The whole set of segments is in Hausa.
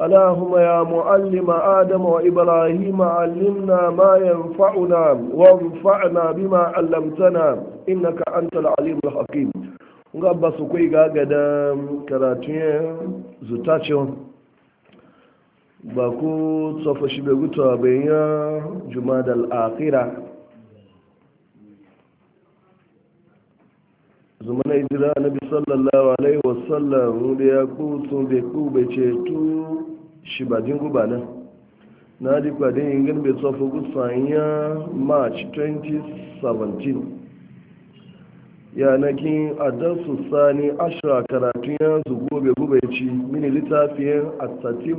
اللهم يا معلم آدم وإبراهيم علمنا ما allamtana, وانفعنا بما علمتنا إنك أنت العليم الحكيم ngabba su kai ga gada karatu ya zuta ce ba ku tsofa shi bai gutuwa bayan juma'a da al'akira zumana idira na bi sallallahu alaihi wasallam da ya kutu bai ku bai ceto shi ba jin guba nan na di kwadin yin gan bai tsofa ya march 2017 yanakin adarsu sani ashira karatun ya zugo bai ci mini littafin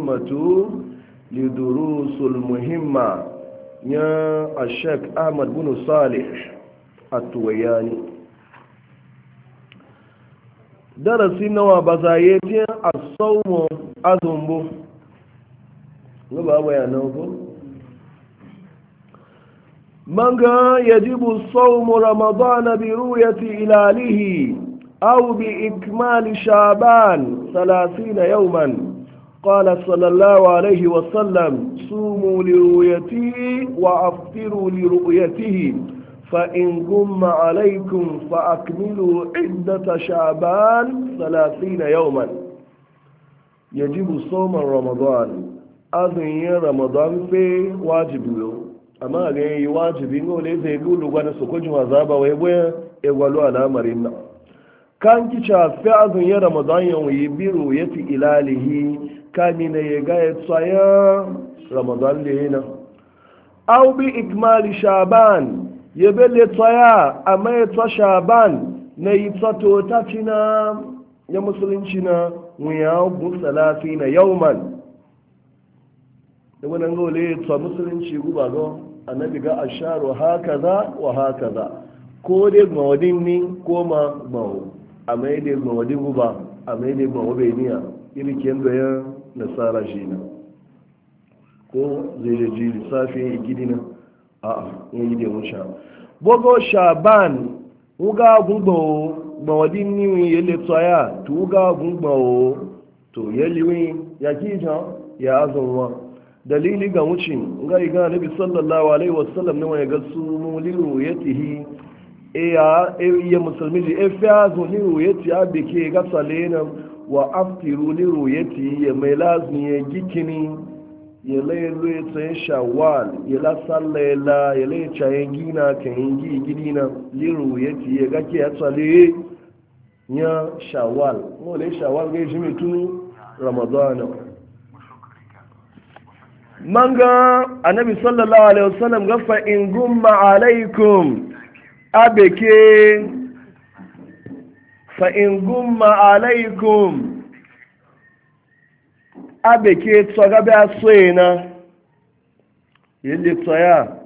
matu liduru sulmuhimma ya ashek ahmad bunu salih tuwayani darasi nawa ba za yi jin a saumo azumbu ga ba bayanan ko manga yajibu saumu ramadana bi ru'yati ilalihi aw bi ikmali shaban 30 yauman قال صلى الله عليه وسلم صوموا لرؤيته وافطروا لرؤيته فإن غم عليكم فأكملوا عدة شعبان ثلاثين يوما يجب صوم رمضان أذن رمضان في واجب له أما أغني واجب يقول إذا يقول لغانا سكوج وعذابا ويبوي يقولوا على أمرنا كان كيشا في أذن رمضان يوم يبيرو يتي إلاله كان ينيغا يتصايا رمضان لهنا أو بإكمال شعبان ya bele tsaya amma ya tsa shaban na yi tsato ta ya musulunci na wuya gun salafi na yauman da wani gole ya tsa musulunci guba zo annabi ga asharu haka za wa haka za ko dai mawadin ni ko ma mawo amma ya dai mawadin guba a ya dai mawo bai niya irken da ya nasara shi na ko zai je lissafi ya gidi na a'a yi da wuce bogo shaban wuga gungbawo gbawadi niwi yele tsaya to wuga gungbawo to yeliwi ya kija ya azunwa dalili ga wuce ga iga nabi sallallahu alaihi wasallam ne wani ga su muliru yatihi e ya e ya musulmi ji efe fi azu liru yati abike gasa salena wa aftiru liru yati ya mai lazmi ya gikini yele yelo ya shawwal yela salla yela yele ya cayen gina ka yangi gidina liru ya ci ya gake ya tsale ya shawwal mole shawwal ga shi mutum ramadana manga Anabi sallallahu alayhi wasallam ga fa in gumma alaikum abeke fa in gumma alaikum abeke tsagabe a soye na yadda tsaya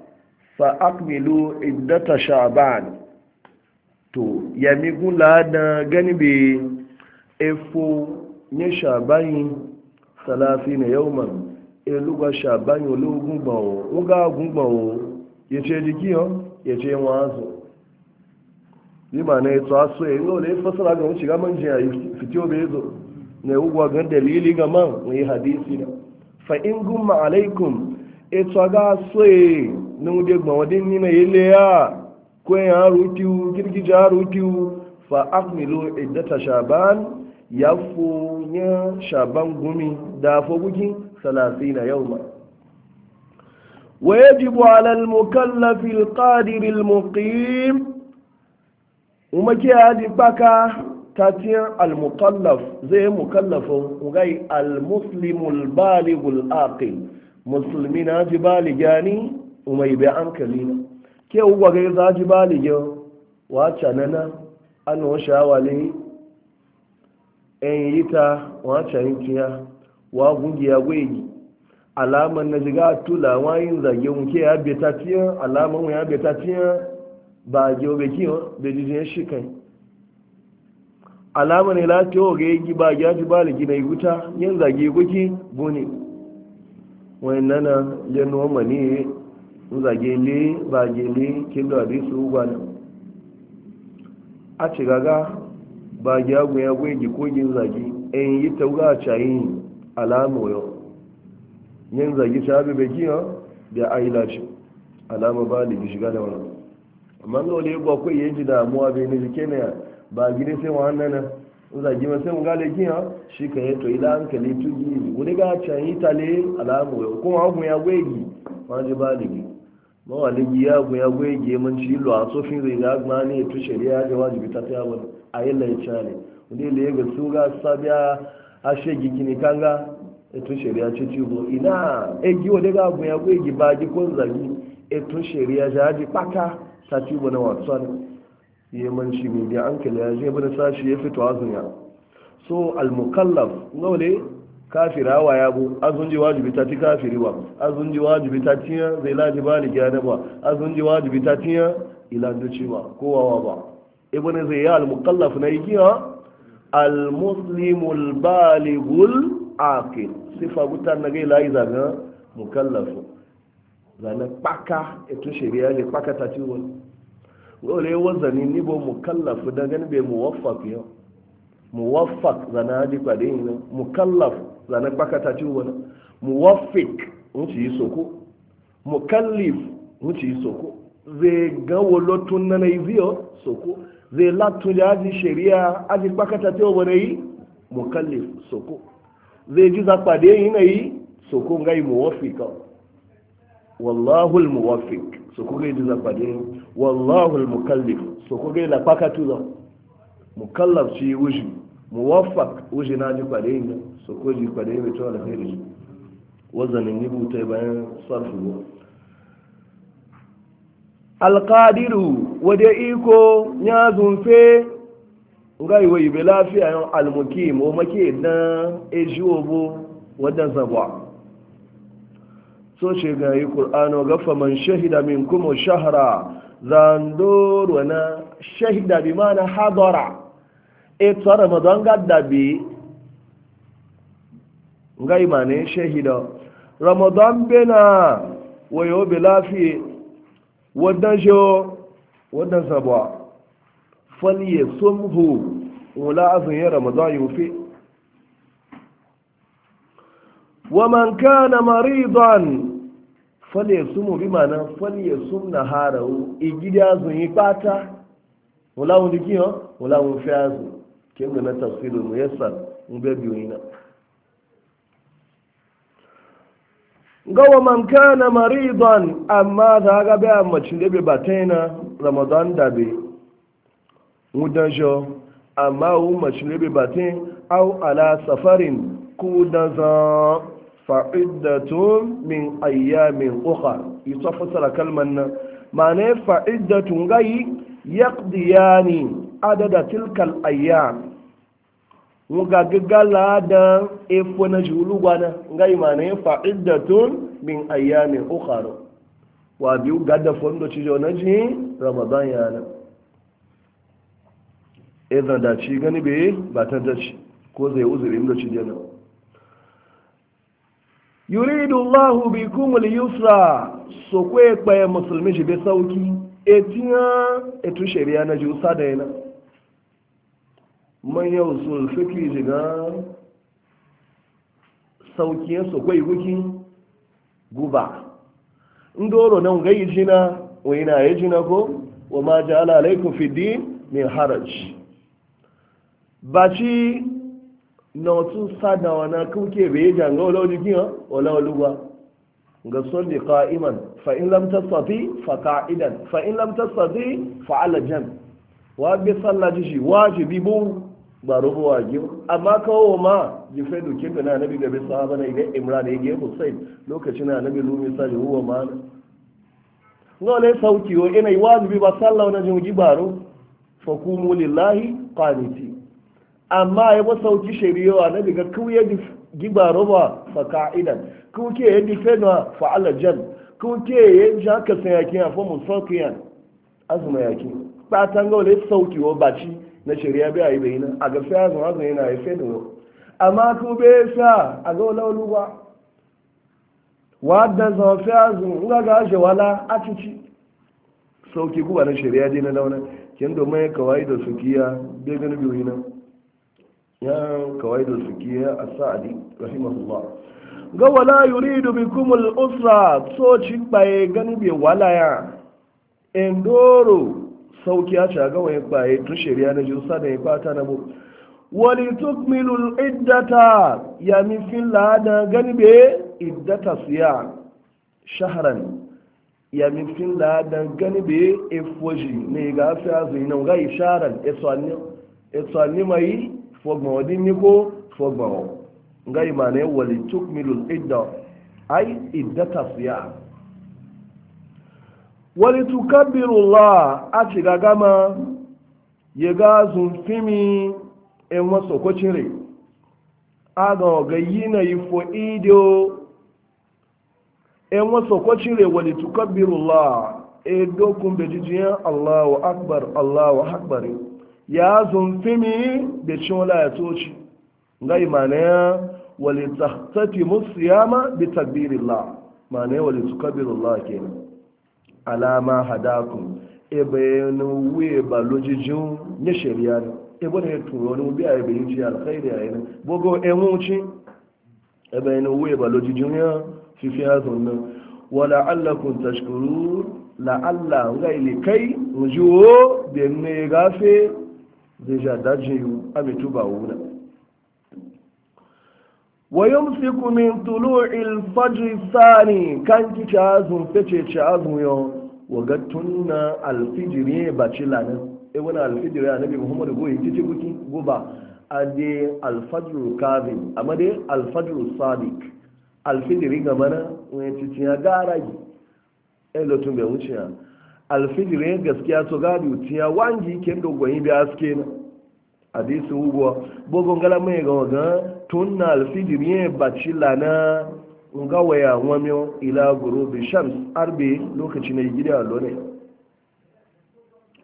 fa akmilu iddata sha'ban to yami gula da gani be efo nye sha'ban salafi na yawman eluwa sha'ban ologun gbawo oga gungbawo ya ce jiki yau ya ce wazo yi ma na ya tsawa soye yau da fasara ga wuce gaman jiya fitiyo bai zo ne ugwa ga dalili ga man mai hadisi fa in gumma alaikum ito e ga soye na gba gbawadin ni mai ile ya kwen ya kirki ja ya u fa aqmilu iddat shaban ya shaban gumi da foguki salasina yau ma ويجب على المكلف القادر المقيم ومكي هذه tatiyar al-mukallaf zai yi mukallafin gai al-muslimul baligul aqil musulmi na ji baliga ni mai bi hankali na ke uwa gai za ji baliga wace nana an washe awali yan yi ta wace yankiya wa gungiya gwegi alamar na jiga tula wayin zage wuke ya alamar mu ya betatiyan ba geobe kiyon da jijiyar shi kai alama ne lati o ga yi ba ya ji bali gina yi wuta yin zage guki buni wani nana ya janu mani zage ne ba gele kilo su? gwana a ci gaga ba ya gwaya guya kogin zage in yi taura a cayin alama yau yin zage ta abu bai da aila ce alama ba da shiga da wani amma zaune wani ya gwakwai ya ji damuwa bai ne jike na ba gine sai wa hannana zagi ma sai mu gale giya shi ka yato ila hankali tuji wani ga can yi tale alamu ya kuma abu ya gwegi ma ji ba ligi ma wa ligi ya abu ya gwegi man ci lo a sofin zai ga ma ne tu shari'a ga wajibi ta ta wani a yi lai cale wani le ga su ga sabiya a shegi kini kanga etu shari'a ce ci bo ina egi wani ga abu ya gwegi ba ji ko zagi etu shari'a ja ji paka ta ci bo na wasu yemanci mai biya an kila ya je bada sashi ya fito azun ya so al mukallaf almukallaf ne kafira wa ya bu azun ji wajibi ta ti kafiri wa azun ji wajibi ta tiya zai laji ni gyana ba azun ji wajibi ta tiya ci ba kowa wa ba ibn zai ya mukallaf na al-muslimul baligul aqil sifa gutan na gai layi zaga mukallaf zanen kpaka ito shari'a ne kpaka ta ci wani dole wazani ni bo mukallaf da gani be muwaffaq yo muwaffaq zana di kwade yin mukallaf zana bakata ci wona muwaffiq wuci yi soko mukallif wuci yi soko zai ga wolotun na naiziyo soko zai latun da aji shari'a aji bakata ta wona yi mukallif soko zai ji zakwa da yin yi soko ngai muwaffiq wallahul muwaffiq so ko gai da badin wallahul mukallif so ko gai la pakatu da mukallaf ci wuji muwaffaq wuji na ji kwade ne so ko ji kwade ne to khairi wazanin ni butai bayan sarfu alqadiru wade iko ya zunfe ngai wa ibe lafiya yon almukim o make na eji obo wadan zabwa so ce ga yi ƙur'ano gafa man shahida min kuma shahara zandoro na shahida bi mana hadara e tsara mazan gadda bi ngai ne shahida ramadan bena wayo bi lafiye wadda jo wadda faliye sun hu wula azun ya ramadan yufi ومن كان مريضا فليصوم بمعنى فليصم نهاره إجدا زني باتا ولا ونجيو ولا ونفاز كم لنا تفصيل ميسر مبيبيوين gawa man kana maridon amma za ga bayan macin da bai bataina ramadan da bai wudan amma wun macin da bai au ala safarin fa’idatun min ayyamin yi ita fasara kalman nan ma'ana fa'iddatun gai yaqdiyani adada tilkal ayyam muga gagala da efo na julu gwana gai ma'ana fa'iddatun min ayyamin ukhra wa biyu gada fondo cijo na ji ramadan yana idan da ci gani bai ba ta dace ko zai uzuri da ci jana yuridu Allahu bikumul yusra so ko ekpe musulmi jibe sauki etinya etu shari'a na jusa da yana manya usul fikri ji ga sauki ya so ko iguki guba ndoro na ngai jina wa ina ya jina ko wa ma ja'ala alaikum fid din min haraj baci na otu sada na kuke bai yi janga wala jikin wala waluwa ga salli ka'iman fa in lam tastati fa qa'idan fa in lam tastati fa ala jan wa bi sallaji shi wajibi bu ba rubu wajib amma kawo ma ji fa duke ga nabi ga bi sahaba na idan imran ya ge husain lokacin na nabi lumi sai huwa ma no le sauki yo ina wajibi ba sallawa na jinji baro fa kumu lillahi qaniti amma ya ba sauki shari'a na daga kuye giba roba fa ka'idan kuke ya difena fa ala jan kuke ya ja ka san yaki a fa musaqiyan azuma yaki ba tan ga wale sauki wa baci na shari'a bai ayi bayina a ga sai azuma azuma yana yafe da amma ku be sa a ga wala luwa wadda za fi azuma ga ga wala a cici sauki guba na shari'a dai na launa kin domin kawai da sukiya bai ganin biyu nan ya kawai da suke ya asadi rahimahullah ga wala yuridu bikum al-usra so ci baye gani be walaya endoro sauki a ca ga wani baye tun shari'a na jinsa da ya fata na bu wali tukmilu al-iddata ya mi filla da gani be iddata siya shahran ya mi filla da gani be ifoji ne ga fi azumi nan ga isharan etsanni mai fogma wa din ko fogma wa ngai mane wali tukmilul idda ay iddata siya wali tukabbiru a ci gama ya ga zunfimi in wasu kwacire a ga gayi na yi fo idio in wasu kwacire wali tukabbiru Allah e dokun da jijiyan Allahu akbar Allahu akbar ya zunfimi da cimola ya toci ngai mana ya wale tahtati musiyama bi takbirillah mana ya wale tukabirullah ke alama hadakun ebe yana wuye ba lojijin ya shari'a ne ebe ne turo ne biya ya bayin ji alkhairi a yana bogo en wuce ebe yana wuye ba lojijin ya fifi ya zunna wala allakun tashkuru la'alla ngai ji wo? da ne gafe zai sha dajin yiwu a mitu na wuna wayan fi kumin tulu ilfajir sani kan ki cazun fece cazun yau waga tunna alfijiri ba ci lanin e wani alfijiri a nabi muhammadu goyi titi buki guba a de alfajir kazin amma de alfajir sadik alfijiri ga mana wani titi ya gara yi e lotun bai wuce ya alfijir ya gaskiya to gadi tiya wangi ken do goyi bi aske na hadisi ugo bogon ngala mai ga waga tunna alfijir ya baci lana nga waya wamyo ila gurubi shams arbi lokaci ne gida lone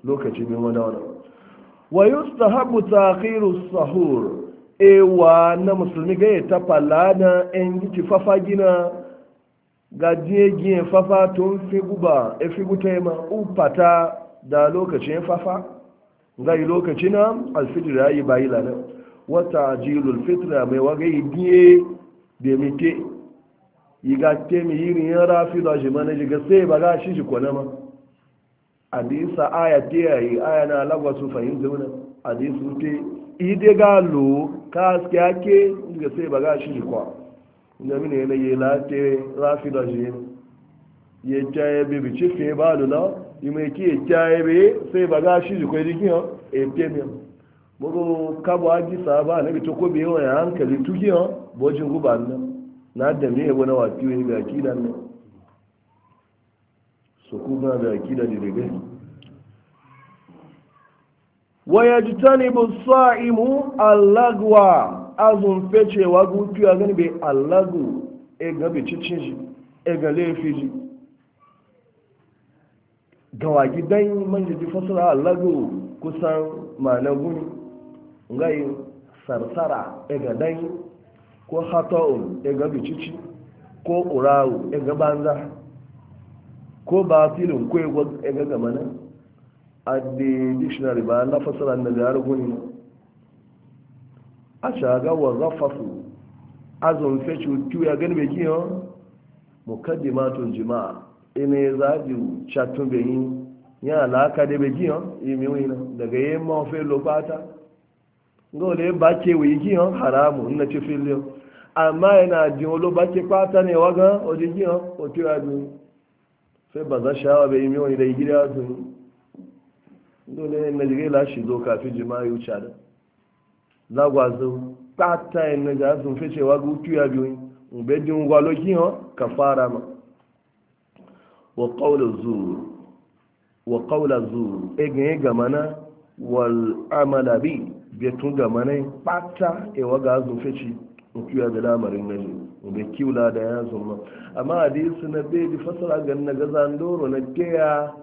lokaci ne wani wani wa yustahabu takhiru sahur ewa na musulmi ga ya tafala na en gici fafagina gajiye giyan fafa tun fi guba e figu ta yama upata da lokacin fafa gai lokacin na alfijir ya yi bayi lana wata jilul fitra mai waga yi giye da mike yi ga te mi yi riyan rafi da shi mana jiga sai ba ga shi shi kwana ma a aya te yayi aya na lagwasu fahimta wani hadisu te ide ga lo ka aske ake jiga sai ba ga shi shi kwa nabi ne na yela te rafi da shi ye chaye bi bi chi fe ba lo na ime ki ya chaye be sai ba ga shi ko ri ki ho e pe mi bogo kabo aji sa ba ne bi to ko bi ya hankali tu ki ho bo jin ku ba na na da me wona wa ki ni ga ki dan so ku ga ga ki da ni rege wa yajtanibu as-sa'imu al-lagwa azụ mfe wa gutu a gani bai alago e ga bicicin shi e ga laifi shi ga wagi dan man jiji fasara allagu kusan mana guni ngai sarsara e ga ko hata'un e ga ko urawu e banza ko batilin ko e, e ga a a dictionary ba na fasara na ziyar guni a shaga wa rafafu azun fecu ya gani bai kiyo tun jima ina ya zaji chatun bai yi ya alaka de bai kiyo imi wina daga yi mafe lopata ga wale ba ke wuyi kiyo haramu ina ci filiyo amma ji jin wani ba ke kwata ne waga wajen kiyo o tuya bi sai ba za shawa bai imi wani da yi gida sun dole na jigai lashi zo kafin jima'a yi wuce da lagwazo tata ina ga sun fi cewa ga uku ya biyu ube din gwalo kiyon ka fara ma wa qawla zur wa qawla zur egen ga mana wal amala bi be tun ga mana pata e wa ga sun fi ci uku ya bila marin naji ube kiula da ya zuma amma hadisi na be di fasara ga na gaza, zandoro na keya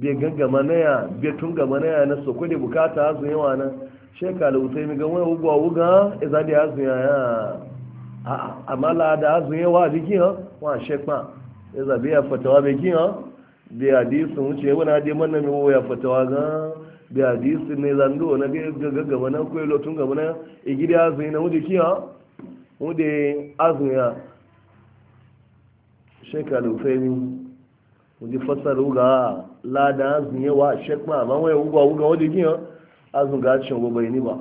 be ga ga mana ya be tun ga na ya na sokode bukata azu yawa na shekara wutai mi ganwai wugwa wuga iza da zuya ya amma mala da ya zuya wa jiki ha wa shekpa iza biya fatawa mai kin ha di sun wuce na hadi manna mai wuya fatawa ga biya sun ne zando na ga gaba na kwai lotun gaba na igidi zuya na wuce kin ha wuce azun ya shekara wutai mi wuce fasar wuga la da azun ya wa shekpa ma wai wugwa wuga wuce kin ha azun gacin gobe ni ba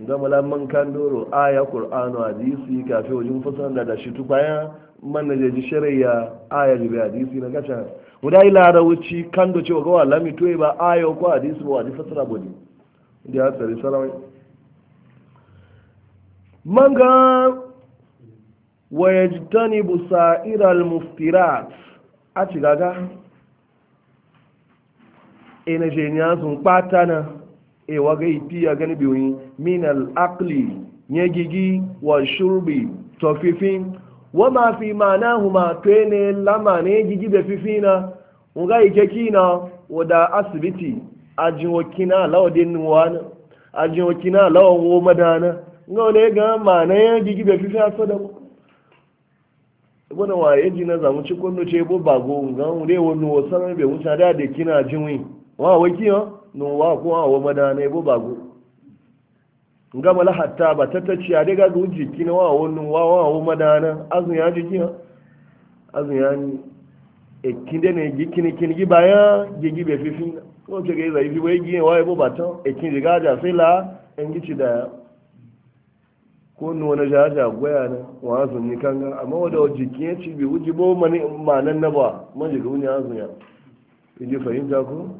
gama lamman kan doro aya qur'anu hadisi kafi wajen fasan da shi tu baya man na ji shari'a aya jibe hadisi na gacha muda ila da wuci kan do cewa ga mi toye ba aya ko hadisi ba hadisi fasara bodi da ya tsari sarawai manga wa yajtanibu sa'iral muftirat a gaga ina e jenya sun patana e waga ipiya gani biyoyi min al'aqli nye gigi wa shurbi to fifin wa ma fi mana huma to ne lama ne gigi be fifina nga ike kina da asibiti ajin wakina lawa din wana ajin wakina lawa wo madana nga wale ga mana ya gigi be fifina so da ibona wa yaji e na zamu ci kondo ce bo bago nga wale wonu wasan be wuta da de kina jinwi wa ha. nuwa kuma wa madana ibo bago ngama la hatta ba ta tace ya daga guji kina wa wannan wa wa wa madana azun ya ji ya ni e kinde ne gi kini kini gi baya gị gi be fifi ko ce ga zai fi wai gi wa ibo ba to e kin riga ja sai la en gi ci da ko ni wani jaja gwaya na wa azun ni kanga amma wada jikin ya ci bi wuji bo mani manan na ba man jiga wuni azun ya e ji fahimta ko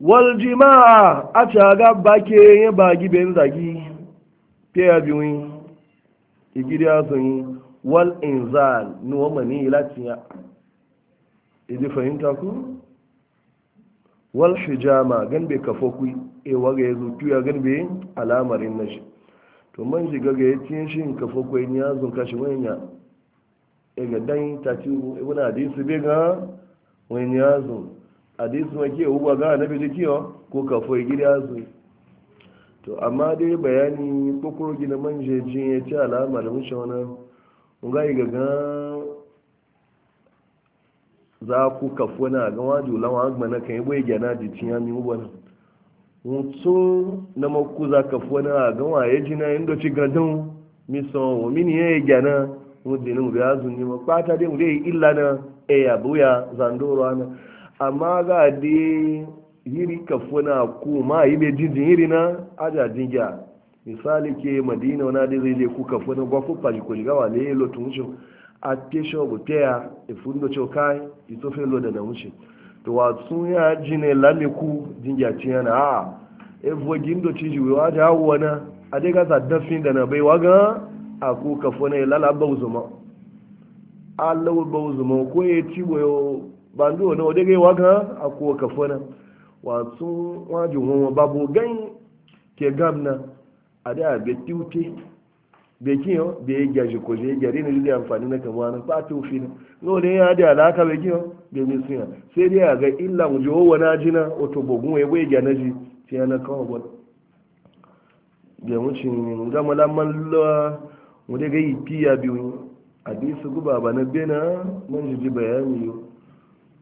wal jima'a a caga bake yin bagi bayan zagi ke ya biyu igidi ya sun yi wal inzal nuwa mani latiya idi fahimta ku wal hijama gan bai kafa ku e waga ya zuki ya gan alamarin na shi to man shiga ga yakin shi kafa ku ya zun kashi wanya ya? E, ga dan ta ci e, wani hadisi bai ga wani ya zun hadisi ma ke na ga annabi da kiyo ko kafo foyi gida su to amma dai bayani kokoro gina manje jin ya ci alama da mushe wani nga yi gaga za ku kafu na ga agba na kan yabo ya na jitin ya mi mutu na maku za kafu na ga ya jina inda ci gadon na mu dinin ma dai mu dai illa na e buya zandoro amma a de yiri kafuna ku ma yi be jinjin yiri na aja jinja misali ke madina wana de zai ku kafuna gwa ku paji ko jiga wale a te shobu te ya e fundo chokai ito e fe lo da na to wa sun ya jine lami ku jinja tiyana a e vogin do tiji wa da wana a adi ga zaddan fin da na bai waga a ku kafuna ya e lala bauzuma Allah bauzuma ko e ya ci ba ndu ono odege waga akuwa kafana wasu wajin wani babu gan ke gamna a da be tiwute be kiyo be gyaji ko je gyari ne da amfani na kama na ba tiwufi na no ne ya da alaka be kiyo be mi suya sai dai a ga illa mu je wana jina oto bogun we we gyana ji sai na kawo ba be mu ci ga malaman la mu daga yi piya biyu hadisi guba ba bena man ji bayani yau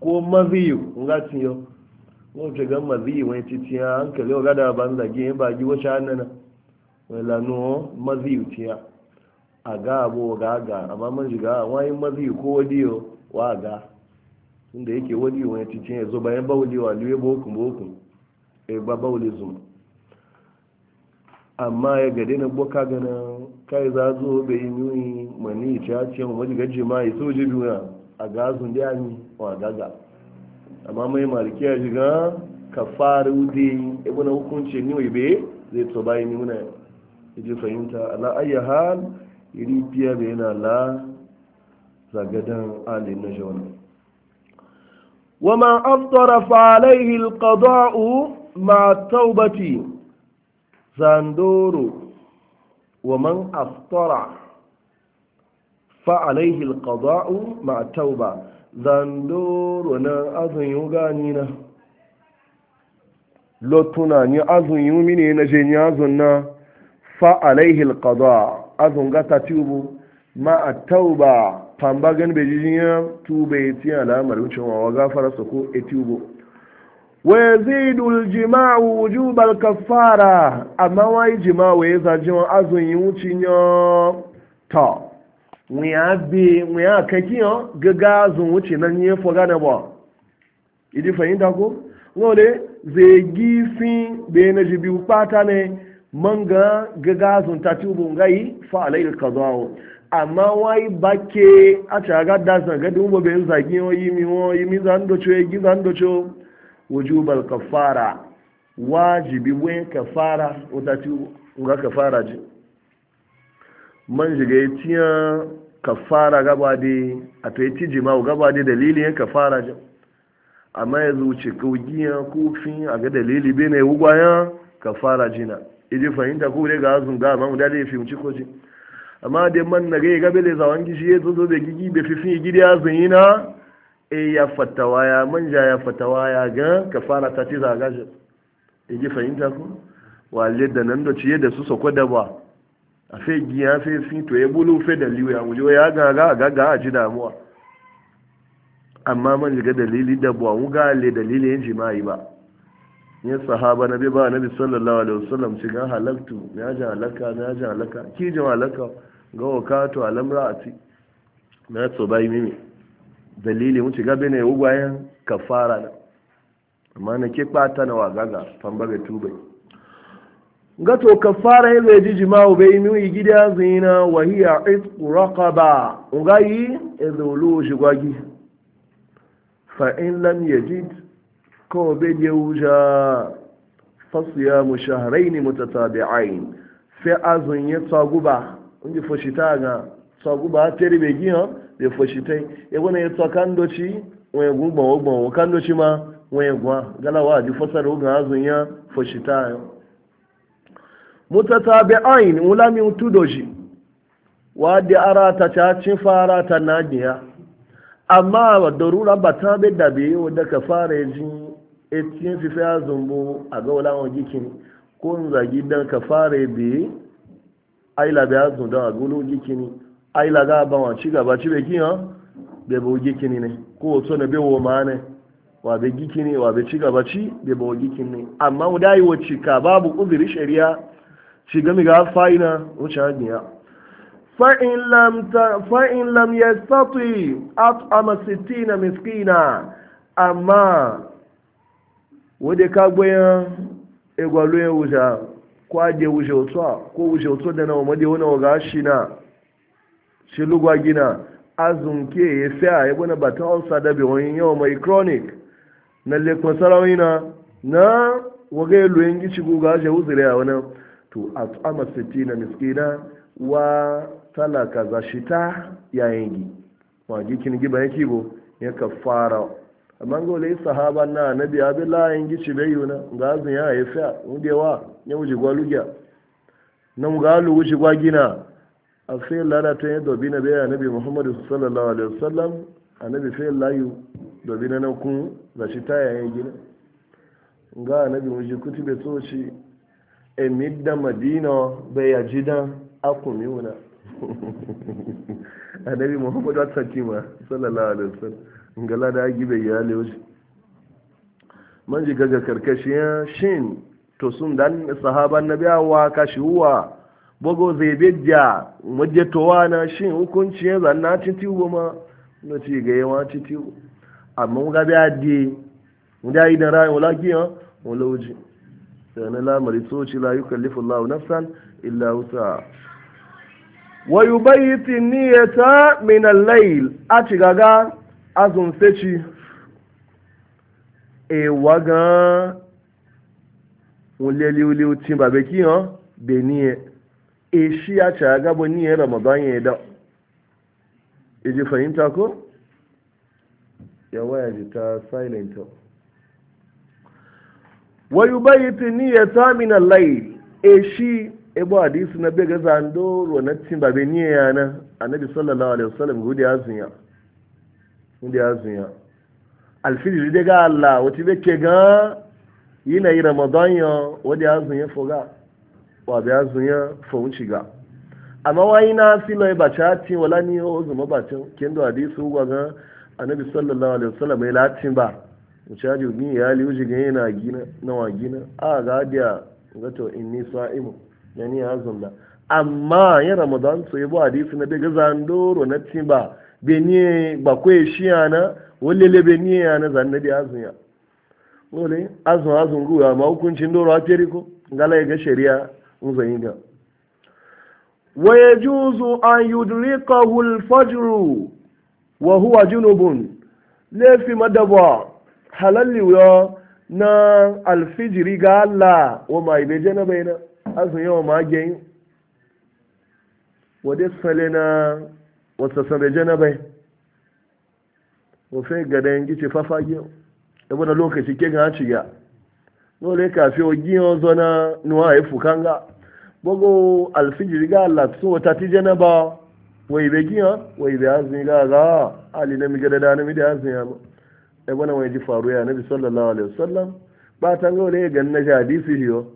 ko maziyu in ga cin yau wace gan maziyu wani titiya hankali wa gada ban zage yin bagi wace hannana wai lano maziyu tiya a ga abu wa ga ga amma man shiga wani maziyu ko wadiyo wa ga inda yake wadiyo wani titiya ya zo bayan bauli wa liwe bokun bokun ya e ba bauli zuma amma ya gade na boka ganin kai za zo bai yi mani ta ce wani gaji ma ya soje duniya a gazun da ni wa gaza amma mai maliki ya shiga ka fara wude ibu na hukunci ni wai bai zai to bayi ni muna ji fahimta ala ayya hal iri biya bai yana la zagadan alin na shawar وما أفطر فعليه ma taubati zandoro wa man أفطر fa'alaihi alƙada'u ma tauba zandoro na azun gani na lotuna ni azun yi mini na je ni azun na fa'alaihi alƙada azun gata tubu ma tauba famba gani bai jijin ya tuba ya tiya alamar wucin wa, gafara su ko e tubu wai zai duljima'u wujubar kafara amma wai jima'u ya zaji wa azun yi wucin ya ta muya be muya kaki gaga zun wuce na nye foga na ba idi fahimta ko ngole zegi gifi be na jibi pata ne manga gaga zun ta tubu ngai fa alayil qada'u amma wai bake a ta ga da san ga dubo be zagi yo yimi wo yimi zan do cho yimi zan do cho wujubal kafara wajibi we kafara utatu nga kafara ji man shiga ya ciya kafara gaba da a to ya ci jima'u gaba da dalilin ya kafara jan amma ya zuce kogiya kofi, a ga dalili bai na yi ka kafara jina iji fahimta ko dai ga azun ga amma mu dai fi mu ci ko jin amma dai man na ga gabe da zawan gishi ya zo zo be gigi be fifin gidi azun na e ya fatawa ya manja ya fatawa ya ga kafara ta ci zaga iji fahimta ko walle da nan da ciye da su sako da ba a fe giya fe fi to ya bulu fe dalili ya wujo ya ga ga ga ga ji damuwa amma man ga dalili da buwa mu ga le dalili yin jima'i ba ne sahaba nabi ba nabi sallallahu alaihi wasallam shi ga halaktu ya ja halaka ya ja halaka ki ji halaka ga wakato alamra'ati na to bai mimi dalili mu ci gabe ne ugwayen kafara na amma na ke kpata na gaga fambaga tubai nga gato kafara ya zai jiji ma bai nuyi gida zina wa hiya itqu raqaba ugayi izulu shigwagi fa in lam yajid ko be yauja fasiyamu shahrayn mutatabi'ain fa azun ya tsaguba unji foshita ga tsaguba teri be giya be foshita e wona ya tsakandoci wani gumba wogba wakandoci ma wani gwa galawa ji fasar ga azun ya foshita yau mutatabi'ain ulami tudoji wa da arata ta cin fara ta nagiya amma wa darura ba ta bai da bai yau ka fara jin etin fifi ya zumbu a ga wala wani gikin ko in zagi dan ka fara bi aila bai ya zumbu a gulo gikini aila ga ban wa ci gaba ci bai kiyan bai bau gikini ne ko wato ne bai wo ma ne wa bai ne wa bai ci gaba ci bai bau ne amma wadai wacce ka babu uzuri shari'a shi gami ga fa'ina wuce hanyar fa'in lam ya stati at'ama 60 miskina amma wadda ka gwaya egwalo ya wuce kwaje wuce otu ko wuce otu da nawa madi wani waga shi na shi lugwa gina azunke ya fiya ya gwana ba ta hausa da wani yawa mai chronic na lekwa sarauni na na waga ya luyen gici guga shi wuzure a wani to a tsama na miskina wa talaka zashita ya ta Wa gi kin giba yake bo ya ka kafara amma ga wale sahaba na nabi abi la yin gici bai yi na ga zan ya yi fa unde wa ya wuce gwaluga nan ga lu wuce gwagina a sai lada ta yi dobi na bayan nabi muhammadu sallallahu alaihi wasallam annabi sai layu dobi na nan kun za shi ta yayin gina ga nabi wuce kutube tsoci emid da madina bai yaji dan akumi wuna annabi muhammadu wata kima sallallahu alaihi wasallam ngala da agi bai yale wuce man ji gaga karkashin shin to sun dan sahaban nabi awa kashi huwa bogo zai bejja majjatowa na shin hukunci ya zanna ci tiwo ma na ci ga yawa ci tiwo amma ga bi adi mu da idan ra'ayi wala kiyan wala lauji. yana lamari soci la yukallifu Allah nafsan illa wusa wa yubayyiti niyyata min al-layl a ci gaga azun feci e waga wuleli wuli tin babe ki han be niye e shi a ci gaga bo niye ramadan ya da e ji fahimta ko yawa ya ji ta silent wayu bayi ta min al-layl e shi e bo hadisi na bega zando ro na tin babe niyya na annabi sallallahu alaihi wasallam gudi azunya gudi azunya alfijir de ga Allah wati be ke ga yina yi ramadan ya wadi azunya foga wa be azunya fo wuci ga amma wayi na filo e ti wala ni o zuma bacin kendo hadisi ugwa ga annabi sallallahu alaihi wasallam ya latin ba mucaji bi ya li uji ganye na gina na wa gina a ga dia gato inni sa'imu yani ya zumna amma ya ramadan so yabo hadisi na daga zandoro na timba beniye ba kwe shiyana wallele beniye yana zanna da azun ya dole azun azun guwa ma hukuncin doro a ko ngala ga shari'a unzayin ga ويجوز أن يدركه الفجر وهو جنب لفي مدبا halalli wuyo na alfijiri ga Allah wa ma ibe jana na azun yawa ma gayin wade na wata sare jana bay wa fe ga dayan gice fafa giyo da na lokaci ke ga ci ga dole ka fi o ozo na nuwa ya fukanga bogo alfijiri ga Allah so wata ti jana ba wa ibe giyo wa ibe azun ga ga ali na mi gada da na mi da azun ya ba e bana wani ji faru ya nabi sallallahu alaihi wasallam ba ta ga wale ga na jadi su yo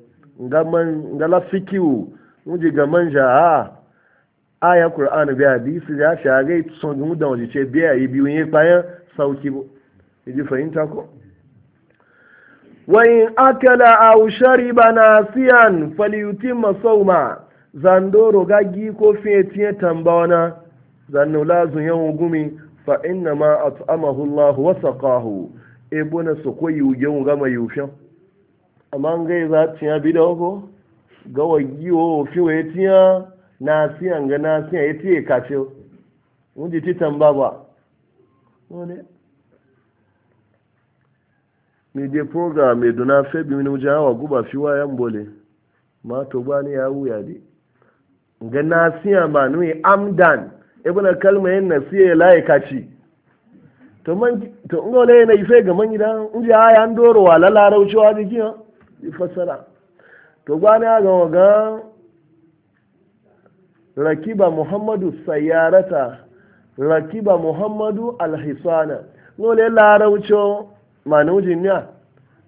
ngaman ngala fikiu ji ga ja a ah, aya qur'an bi hadisi ya shage son mu da waje ce biya yi biyu yin bayan sauki bo ji fahimta ko wa in akala aw shariba nasiyan falyutimma sawma zandoro gagi ko fetiye tambawana zannu lazun yawu gumi fa inna ma at'amahu Allah wasa saqahu e na so ko yi mu gama yushin amma ngai za tiya bidawo ko ga wagiwo fi wa tiya na siya ga na siya ya tiye kace mun ji titan ba wani mi de program e febi mi nuja wa guba fi wa yan bole ma to ba ni ya wuya di ga na siya ma nu amdan ibn kalma yin nasiya laye ci to man to in gole yi ife ga man gida in ji aya an doro wa lalaraucewa jiki ha fasara to gwani ga waga rakiba muhammadu sayarata rakiba muhammadu alhisana gole larauco ma na wujin niya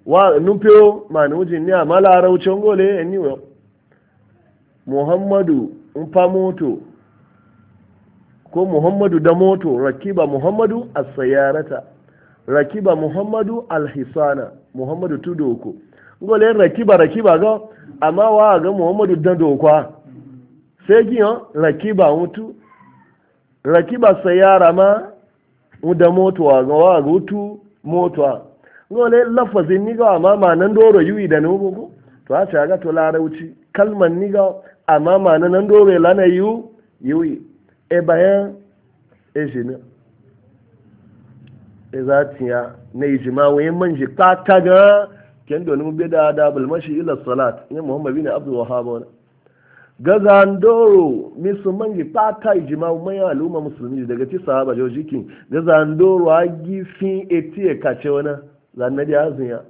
wa nufeo ma na wujin niya ma laraucon gole eniwe muhammadu in fa moto ko muhammadu da moto rakiba muhammadu asayarata rakiba muhammadu alhisana muhammadu tudoko ngole rakiba rakiba ga amma wa ga muhammadu da dokwa sai giyan rakiba mutu rakiba sayara ma da moto wa ga wa rutu moto ngole lafazin ni ga amma nan doro yuyi da nugo to a ta ga to larauci kalman ni ga amma nan doro lana yu yuyi e bayan na e za tiya na ijima wani manji kata ga ken domin bai da da bulmashi ila salat ne muhammad bin abdul wahhab wani gaza ndoro misu manji kata ijima mai al'umma musulmi daga ci sahaba jikin gaza ndoro a gifin eti e kace wani zannadi da azunya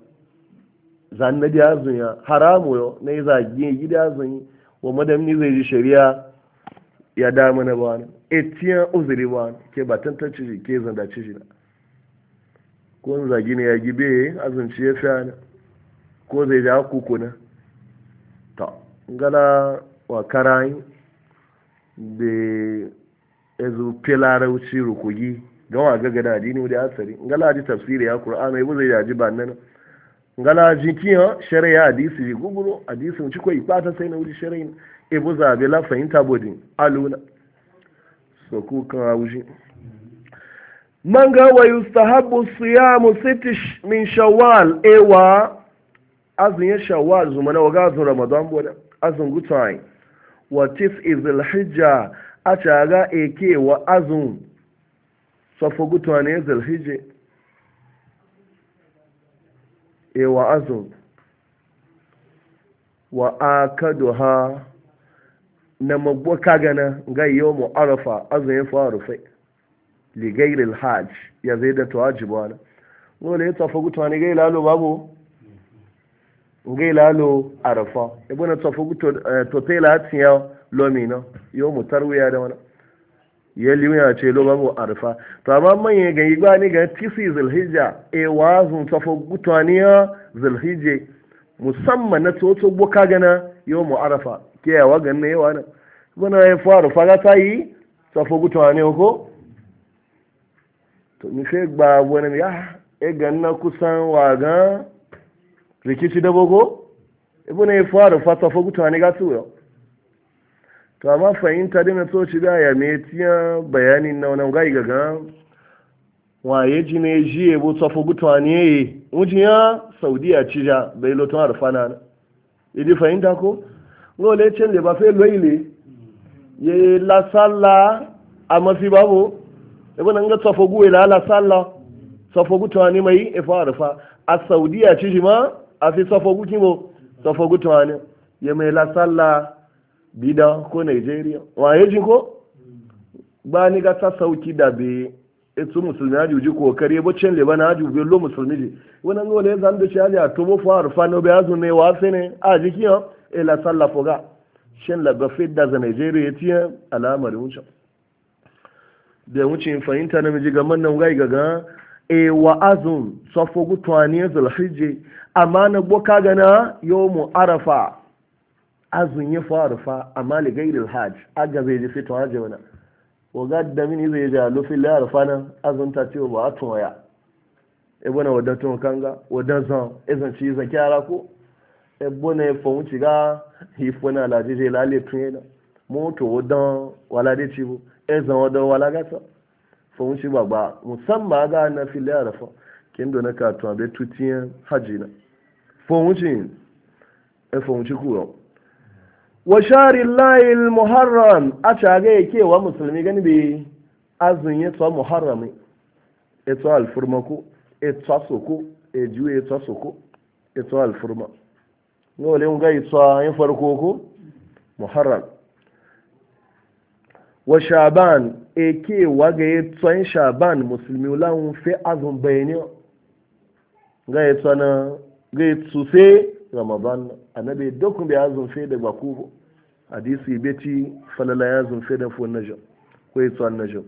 zanna da azunya haramu yo na yi zagi gida azunyi wa madamni zai ji shari'a ya dama na ba wani etiyan uzuri ba wani ke ba tantanci shi ke zanda ci shi na ko zagi ne ya gibe azunci ya fiya na ko zai ja kuku na ta gala wa karayi da ya zo filara wuce rukugi don a gaga da adini da asari gala ji tafsiri ya kur'ana ya zai yaji ba nan gala jikin shari'a hadisi guguro hadisi ci ko ipata sai na wuri shari'a ibu zaɓe la fahimta bodin aluna so ku kan auji man ga wa yustahabu siyamu siti min shawwal ewa azun ya shawwal zumana wa gazun ramadan boda azun gutai wa tis izil hijja a caga eke wa azun safo gutai ne zilhijje ewa azun wa akaduha na magbo gana ga yi mu arafa azumin faru fai ligairil hajj ya zai da tawaji ba na wani ya tafi gutuwa ne gai lalo babu gai lalo arafa ibu na tafi gutuwa eh, to tai ya lomi na yau mu tarwiya da wani ya liya ce lo babu arafa to amma manyan ga yi gani ga tisi zulhijja e eh, wazun tafi gutuwa ne ya zulhijje musamman na tsotso boka gana yau mu arafa ke yawa ganna yawa ya faru ta yi tsafo gutuwa ne ko to ni sai gba wani ya e ganna kusan waga rikici da bogo ibu ne faru fa tsafo gutuwa ne to amma fahimta da na da ya metiya bayanin na wani ga waye ji ne jiye bu tsofo gutwani yayi ujiya saudiya cija bai lotun arfana na idi fahimta ko ngole chen le ba fe loile ye la sala ama fi babo e bona nga tsofo guwe la la sala tsofo gutwani mai e fa arfa a saudiya cija ma a fi tsofo gukimo tsofo gutwani ye mai la sala bida ko nigeria waye ji ko ba ni ga ta sauki da be etu musulmi ya juji kokari ba chen leba na aju bello musulmi ji wona ngole zan do chaji atobo fa arfa no be azu ne wa sene jiki ya ila e salla foga shin la ga fidda za nigeria tiya alamar wuce da wuce fahimta na miji gaman nan gai gaga e wa azun safo zul hijji amma na boka gana yawmu arafa azun ya fa arfa amma li gairil hajj aga zai ji fitwa hajji wannan waga da mini zai ja lufi layar fana azunta cewa ba a tun waya ebona wadda tun kanga wadda e zan izan ci zan kyara ko ebona ya fahimu ci ga hifuna lajeje lalai tun yana moto wadda wala dai ci bu ezan wadda wala gasa fahimu ba ba musamman ga na fi layar fa kin na ka tun abe tutiyan hajji na fahimu ci e fahimu kuwa wa sharin layil muharram a caga ya kewa musulmi gani bai azun ya tsawa muharrami ya tsawa alfurma ku, ya tsawa soko ya juwa ya tsawa soko ya tsawa alfurma yau ga ya tsawa yin farko ko muharram wa shaban ya kewa ga ya tsawa shaban musulmi lan fi azin bayani ga ya tsawa na ga ya tsuse ramadan annabi dokun bai azun fe da baku hadisi beti falala ya zun fe da fon najam ko yi tsan najam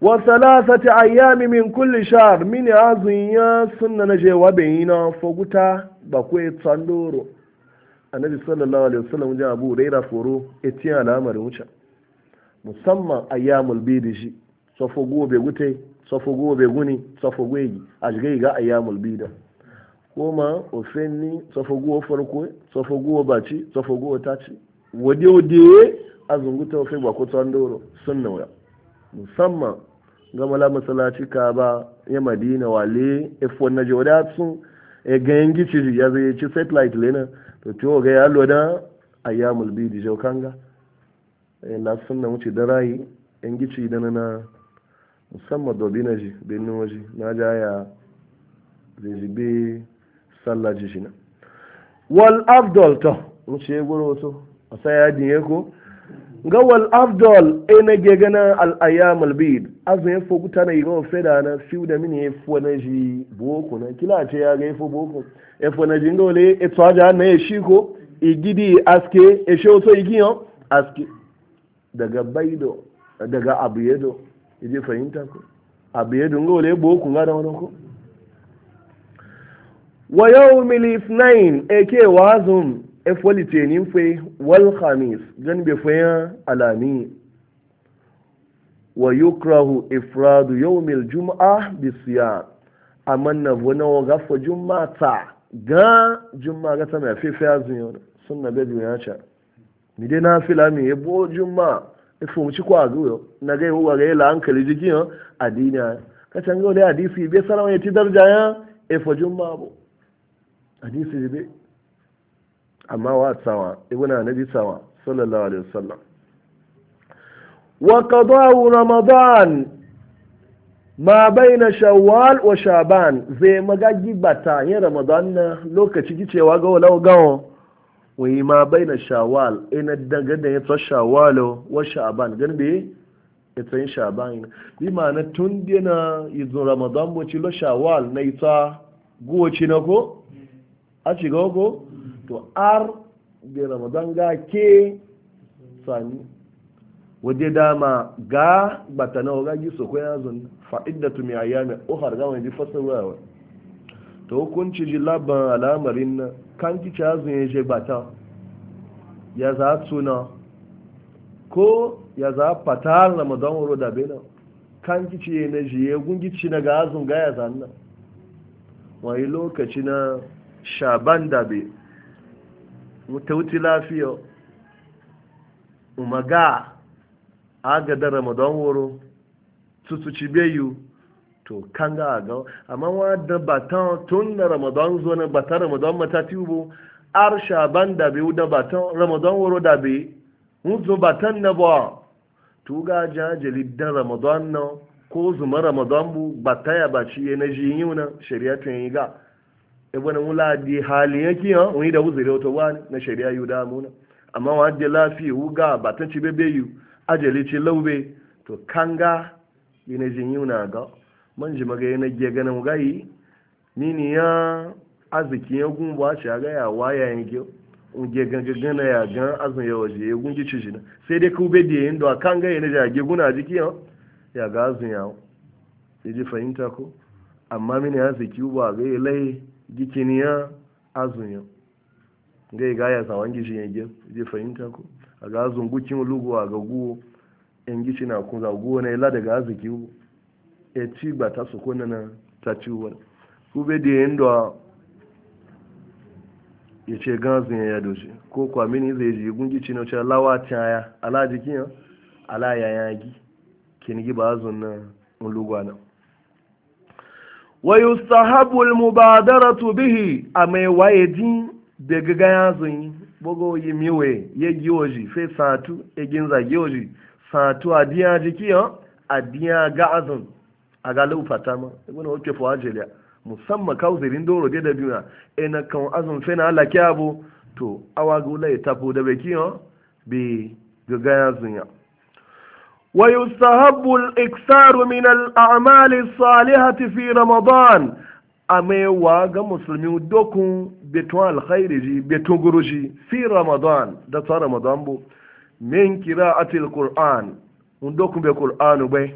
wa salasati ayami min kulli shahr min azun ya sunna naje wa bayina foguta ba ko yi tsan doro annabi sallallahu alaihi wasallam ya abu raira foro etiya alamar wuce musamman ayyamul bidishi sofo gobe gute sofo gobe guni sofo gwegi a shiga ga ayyamul bidishi koma ofenni tsafaguwa farko tsafaguwa baci tsafaguwa taci wade-wade a zunguta ofe ba ko tsawon doro sun nauya musamman gama la masalaci ka ba ya madina wale f1 na jawada sun e ganyen gici ya zai ci satellite lena to ciwo ga ya loda a ya mulbi di jaukanga e la sun na wuce da rayi yan gici da na musamman dobi na ji benin waje na ja ya zai sallah ji shi na wal afdol to wuce ya goro wato a sai ya dinye ko ga wal afdol e na ge gana al ayyam azun ya foku tana yi gawa fada na fiu da mini ya fo na ji boko na kila ce ya ga ya fo boko ya fo na ji ga wale e to aja na ya shi ko igidi aske ya e shi wato igi yau aske daga baido daga abu yedo je fahimta ko abu yedo ga wale boko ga da wani ko wa yau mili na'in eke wazum efoli tenin fe wal khamis gan be fe alami wa yukrahu ifradu yawmil jum'a bi siyam na wona wa gafa jum'ata ga jum'a ga tana fe fe azun sunna be dunya cha mi de na fila mi e bo jum'a e fo ci kwa yau. na ga wa ga la hankali jikin adina ka tanga da hadisi be sarawa ya ti darja ya e fo jum'a bo hadisi jibe amma wa tsawa ibn bi tsawa sallallahu alaihi wasallam wa qada'u ramadan ma baina shawwal wa shaban zai magaji bata yin ramadan na lokaci gicewa ga walau gawo wai ma baina shawwal ina daga da ya tsawon shawwalo wa shaban gan be ya tsayin shaban ina bi ma'ana tun dina zo ramadan mu ci lo shawwal na ita goci na ko a shiga ko to ar da ramadan ga ke sani waje dama ga bata na waga giso ko ya zun fa'idda tumi ayyami uhar ga wani fasarwa to hukunci ji laban al'amarin kan kici azun ya je bata ya za tuna ko ya za fata ramadan wuro da bena kan kici na jiye gungici na ga azun ga ya zanna wani lokaci na shaban dabe mutauti lafiya umaga da ramadan woro tutuci beyu to kanga aga amma wadda batan tun na ramadan zo na bata ramadan matati ubu ar shaban dabe wadda batan ramadan woro dabe zo batan na ba ga jajali dan ramadan na ko zuma ramadan bu bataya ba ci na yi na shari'a tun yi ga ibana wula di hali yake yan wani da wuzuri wato wani na shari'a yu da muna amma wa je lafi wuga batan ci bebe yu ajali ci laube to kanga yana jin yuna ga man ji na yana ge ganin gayi nini ya aziki ya gumba ci ga ya waya yanke ge gana ya gan azun ya waje ya gungi ci jina sai dai ku be da yin da kanga yana ja ge guna jiki yan ya ga azun ya ji fahimta ko amma mini aziki ba ga lai gikiniya azunyo ngai ga ya sawan shi yage je fahimta ko a ga azun gukin lugu a ga guwo en gishi na kun za guwo na ila daga azuki e ci ba ta su ko na ta ci wa ku be de endo ya ce ganzun ya doshi ko kwa mini zai ji gungi ci na ce lawa ta ya ala jikin ala ya yagi kin gi ba azun na lugu na bihi ويستحب المبادرة به أما ويدين دقايازين bogo yi miwe ya giyoji sai satu ya ginza giyoji satu a diya jikiyo a diya ga'azin a galau fatama wani wake fuwa jeliya musamman kawzirin doro da biyu na ina kan azun sai na halaki abu to awa gula ya tafo da bai kiyo bi gagaya zunya ويستحب الاكثار من الاعمال الصالحه في رمضان أمي واغا مسلمي دوكو بتوان الخير جي بتوغرو جي في رمضان ده صار رمضان بو من قراءه القران ندوكو بالقران بي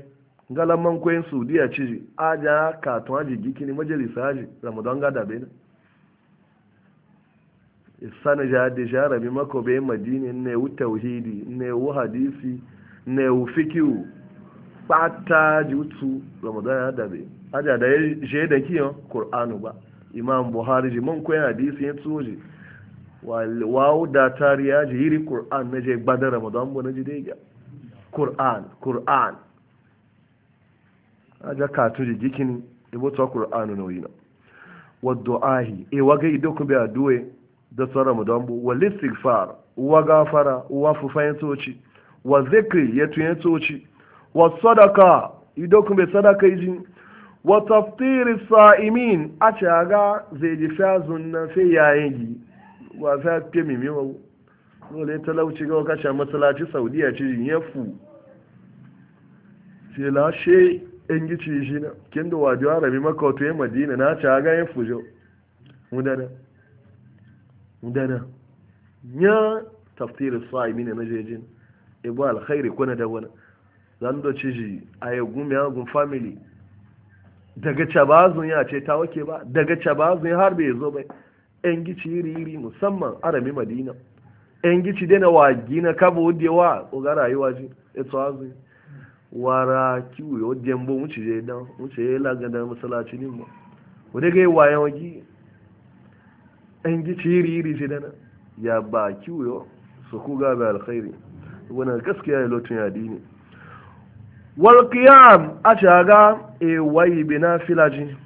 ngala من كوين سعودي اجي اجا ka to aji gikini مجلس aji رمضان غدا بينا السنه sana ja de jarabi mako be madini ne wu tauhidi na ufikiu pata jutu ramadan ya dabe aja da je da kiyo qur'anu ba imam buhari ji mun koyi hadisi ya tsoji wal wawu da tariya ji yiri qur'an na je gbadan ramadan bo na ji dai ga qur'an qur'an aja ka ji gikin ibo to qur'anu no na wa du'ahi e waga ido ko be aduwe da tsara ramadan bo wal istighfar wa gafara wa fufayin tsoci wa zikri ya tuye tsoci wa sadaka idokun bai sadaka yi wa taftiri sa'imin a ce aga zai ji na fe yayin yi wa fa ke mimi wa dole talauci ga kashe masalaci saudiya saudi ya fu sai lashe yan gici shi na kin da wajo maka wato ya madina na ce aga ya fujo mudana mudana ya taftiri sa'imin na jejin ibu alkhairi kuna da wani zan da shi a ya gumi ya gun family daga zun ya ce ta wake ba daga cabazun ya har bai zo bai yan gici iri musamman arami madina yan gici dai na wagi na kaba wadda yawa ga rayuwa ji ita azu wara kiwo ya wadda yambo wuce je dan wuce ya lagada masalaci ne ma wadda ga yi wayan wagi yan gici iri-iri ji dana ya ba kiwo su ku ga alkhairi wani gaskiya ya lotun ya dini wal qiyam a shaga e wayi bi nafilaji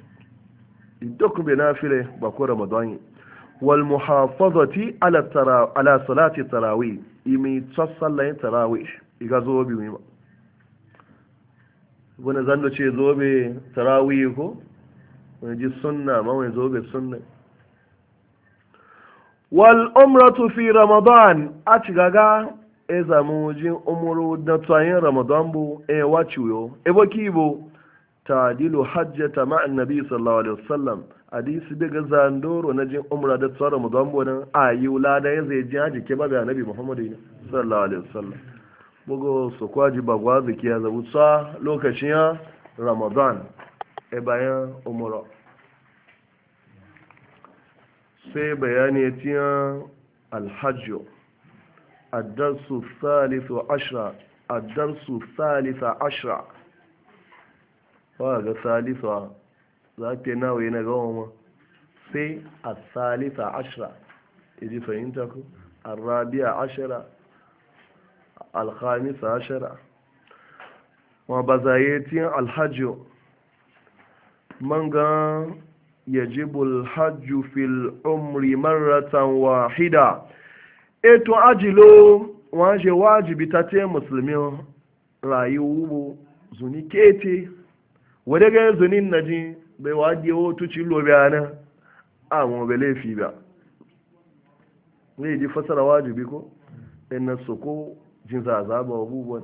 filaji bi na ba ko ramadan wal muhafazati ala tara ala salati tarawih imi tsallai tarawih iga zo bi mi wani zando ce zo bi tarawih ko wani ji sunna ma wani zo bi sunna wal umratu fi ramadan a shiga eza mu ji umuru na tsayin ramadan bu e waci yo e baki bu hajja ta ma annabi sallallahu alaihi wasallam hadisi daga zandoro na jin umra da tsayin ramadan bu nan ayu ulada ya zai jin haji ke ba ga annabi muhammadu sallallahu alaihi wasallam bugo su kwaji bagwa zakiya zabu tsa lokacin ramadan e bayan umra sai bayani ya tiyan alhajjo الدرس الثالث عشر الدرس الثالث عشر وهذا ثالث ذاك ناوي نقوم في الثالث عشر يجي فهمتكم الرابع عشر الخامس عشر وبزايتي الحج من يجب الحج في العمر مرة واحدة eto ajilo wanje wajibi ta ce musulmi rayuwu zuni kete wadda ga zunin bai waje wotu ci lobe a mu bai laifi ba ne fasara wajibi ko in na soko jin zazaba abubuwan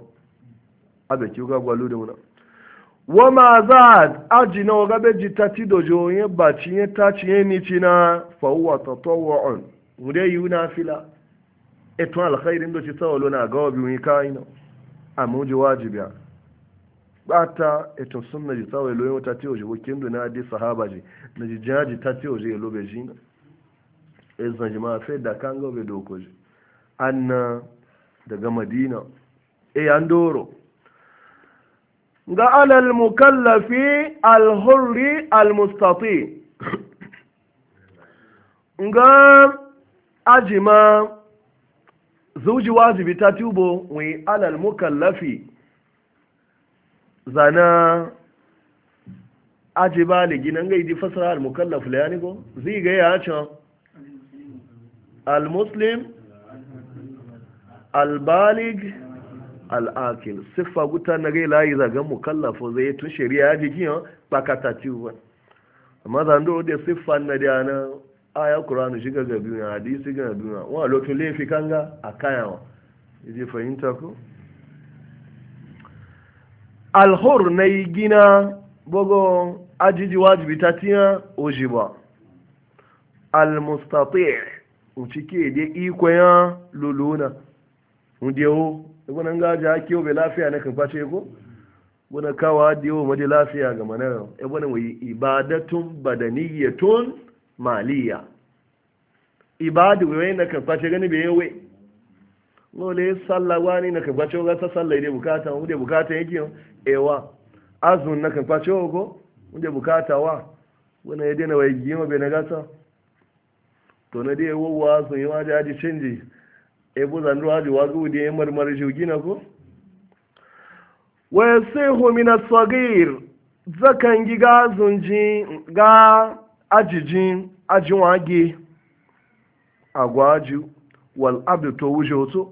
abe ki ga gwalo da muna wa ma za aji na waga bai ji ta ti dojo yin ba ci yin ta ci yin ni ci na fa'uwa ta tawa'un wudai yi na eto alkhairin da ci tsawalo na gawa biyu yi kayan nan a muji wajibi a bata eto sunna ji tsawalo yau ta ce waje wakin da na di sahaba ji na ji jaji ta ce waje yalo bai jina e zanji ma fe da kan gawa doko ji an daga madina e an doro ga alal mukallafi alhurri almustati ga ajima zuji wajibi ta tubo wai alal mukallafi zana aji le ginan ga idi fasara al mukallaf la yani go zai ga ya can al muslim al balig al akil siffa guta na gai layi zaga mukallafo zai tun shari'a ya jiki pakata tubo amma zan do da sifa na da na aya kuranu shiga ga duniya hadisi ga biyu na wa lokacin laifi kanga a kayawa yaje fahimta ko alhur na yi gina bogo ajiji wajibi ta tiya oji ba almustati ucike da iko ya luluna ndiyo ibn nga ja kiyo be lafiya na kan face ko buna kawa diyo ma lafiya ga manara ibadatun badaniyyatun maliya ibadu wai na gani bai lole wani na karbace wa bukata bukata yake ewa azun na bukata wa wani ya wai gima bai na gasa to na dai wawa yi waje aji canji e bu marmar ko wa yasihu min as-saghir zakan giga zunji ga ajijin ajinwage agwaju wal abdu to wuce hoto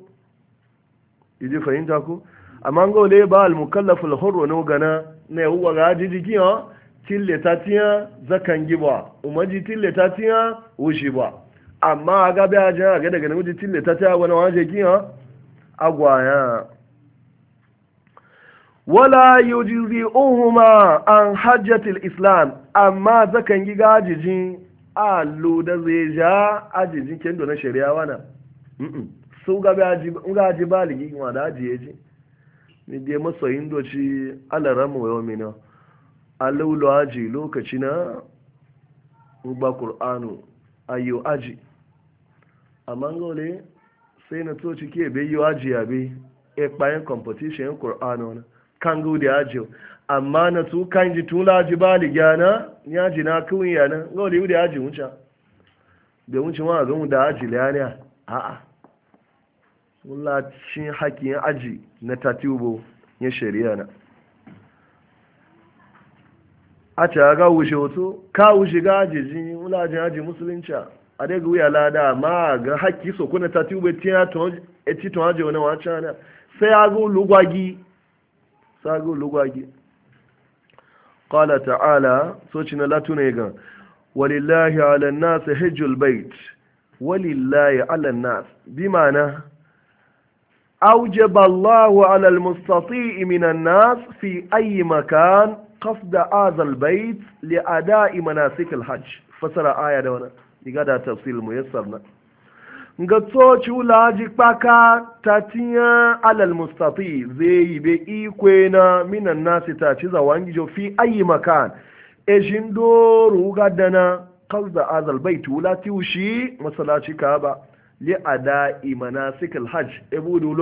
idi fahimta ko amma ga ole ba al mukallafu al hurru no gana ne huwa ga ajiji tile tille tatiya zakan giba umaji tille tatiya wuce ba amma ga ba ajin ga daga namiji tille tatiya wani waje kiyo agwaya wala uhuma an hajjatil islam amma zakan yi gajijin allo da zai ja ajijin kendo na shari'a wana su gaji baligi ma da ajiye ji ni dai masoyin doci alarama wa yau mina aji lokaci na ba ƙur'anu ayyo aji a gole sai na toci ke bai yi aji ya bai e kpayin competition ƙur'anu kan gudu ajiyo amma na su kan ji tula ji bali ya ji na kawun yana ga wani da aji wuce da wuce ma ga mu da aji liyaniya a a wulacin hakiyin aji na tatubo ya shari'a na a ce ga wuce wato ka wuce ga aji jini wulacin aji musulunci a daga wuya lada ma ga haki so kuna tatubo ya eti tun aji wani wancan sai ya ga lugwagi sai ya ga lugwagi qala ta'ala so cin la tuna ga walillahi ala an-nas hajjul bait walillahi ala an-nas bimaana Allahu ala al-mustati'i min nas fi ayi makan qasd hadha al-bait li ada'i manasik al-hajj fasara aya da wannan diga da tafsil muyassar na ga tsoci wulaji kpaka ta tiya alal mustafi zai yi be ikwe na minan nasi ta ci zawon gijo fi ayi makan e shin doru gadana kawza azal bai tula tiwushi masalaci ka ba li ada imana sikil hajj e budu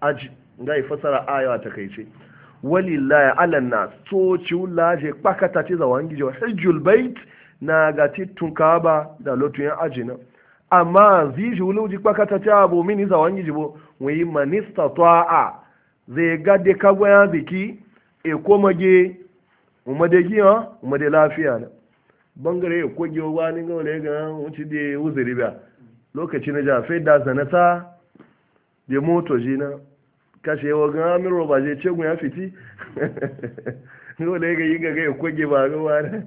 aji ga yi fasara aya ta kai ce walillahi ala nas tsoci wulaji kpaka ta ci zawon gijo hajjul bait na ga titun ka ba da lotuyan aji na amma ziji wulu ji pakata ta bu mini za wangi jibo wai manista a zai gade kagwaya ziki e koma ge umade gi ha umade lafiya na bangare e koge wa ni ga ga wuci de uzuri ba lokaci na jafe da zanata de moto jina kashe wa ga amin roba je ce ya fiti ni wale ga yin ga ga e koge ba ga wani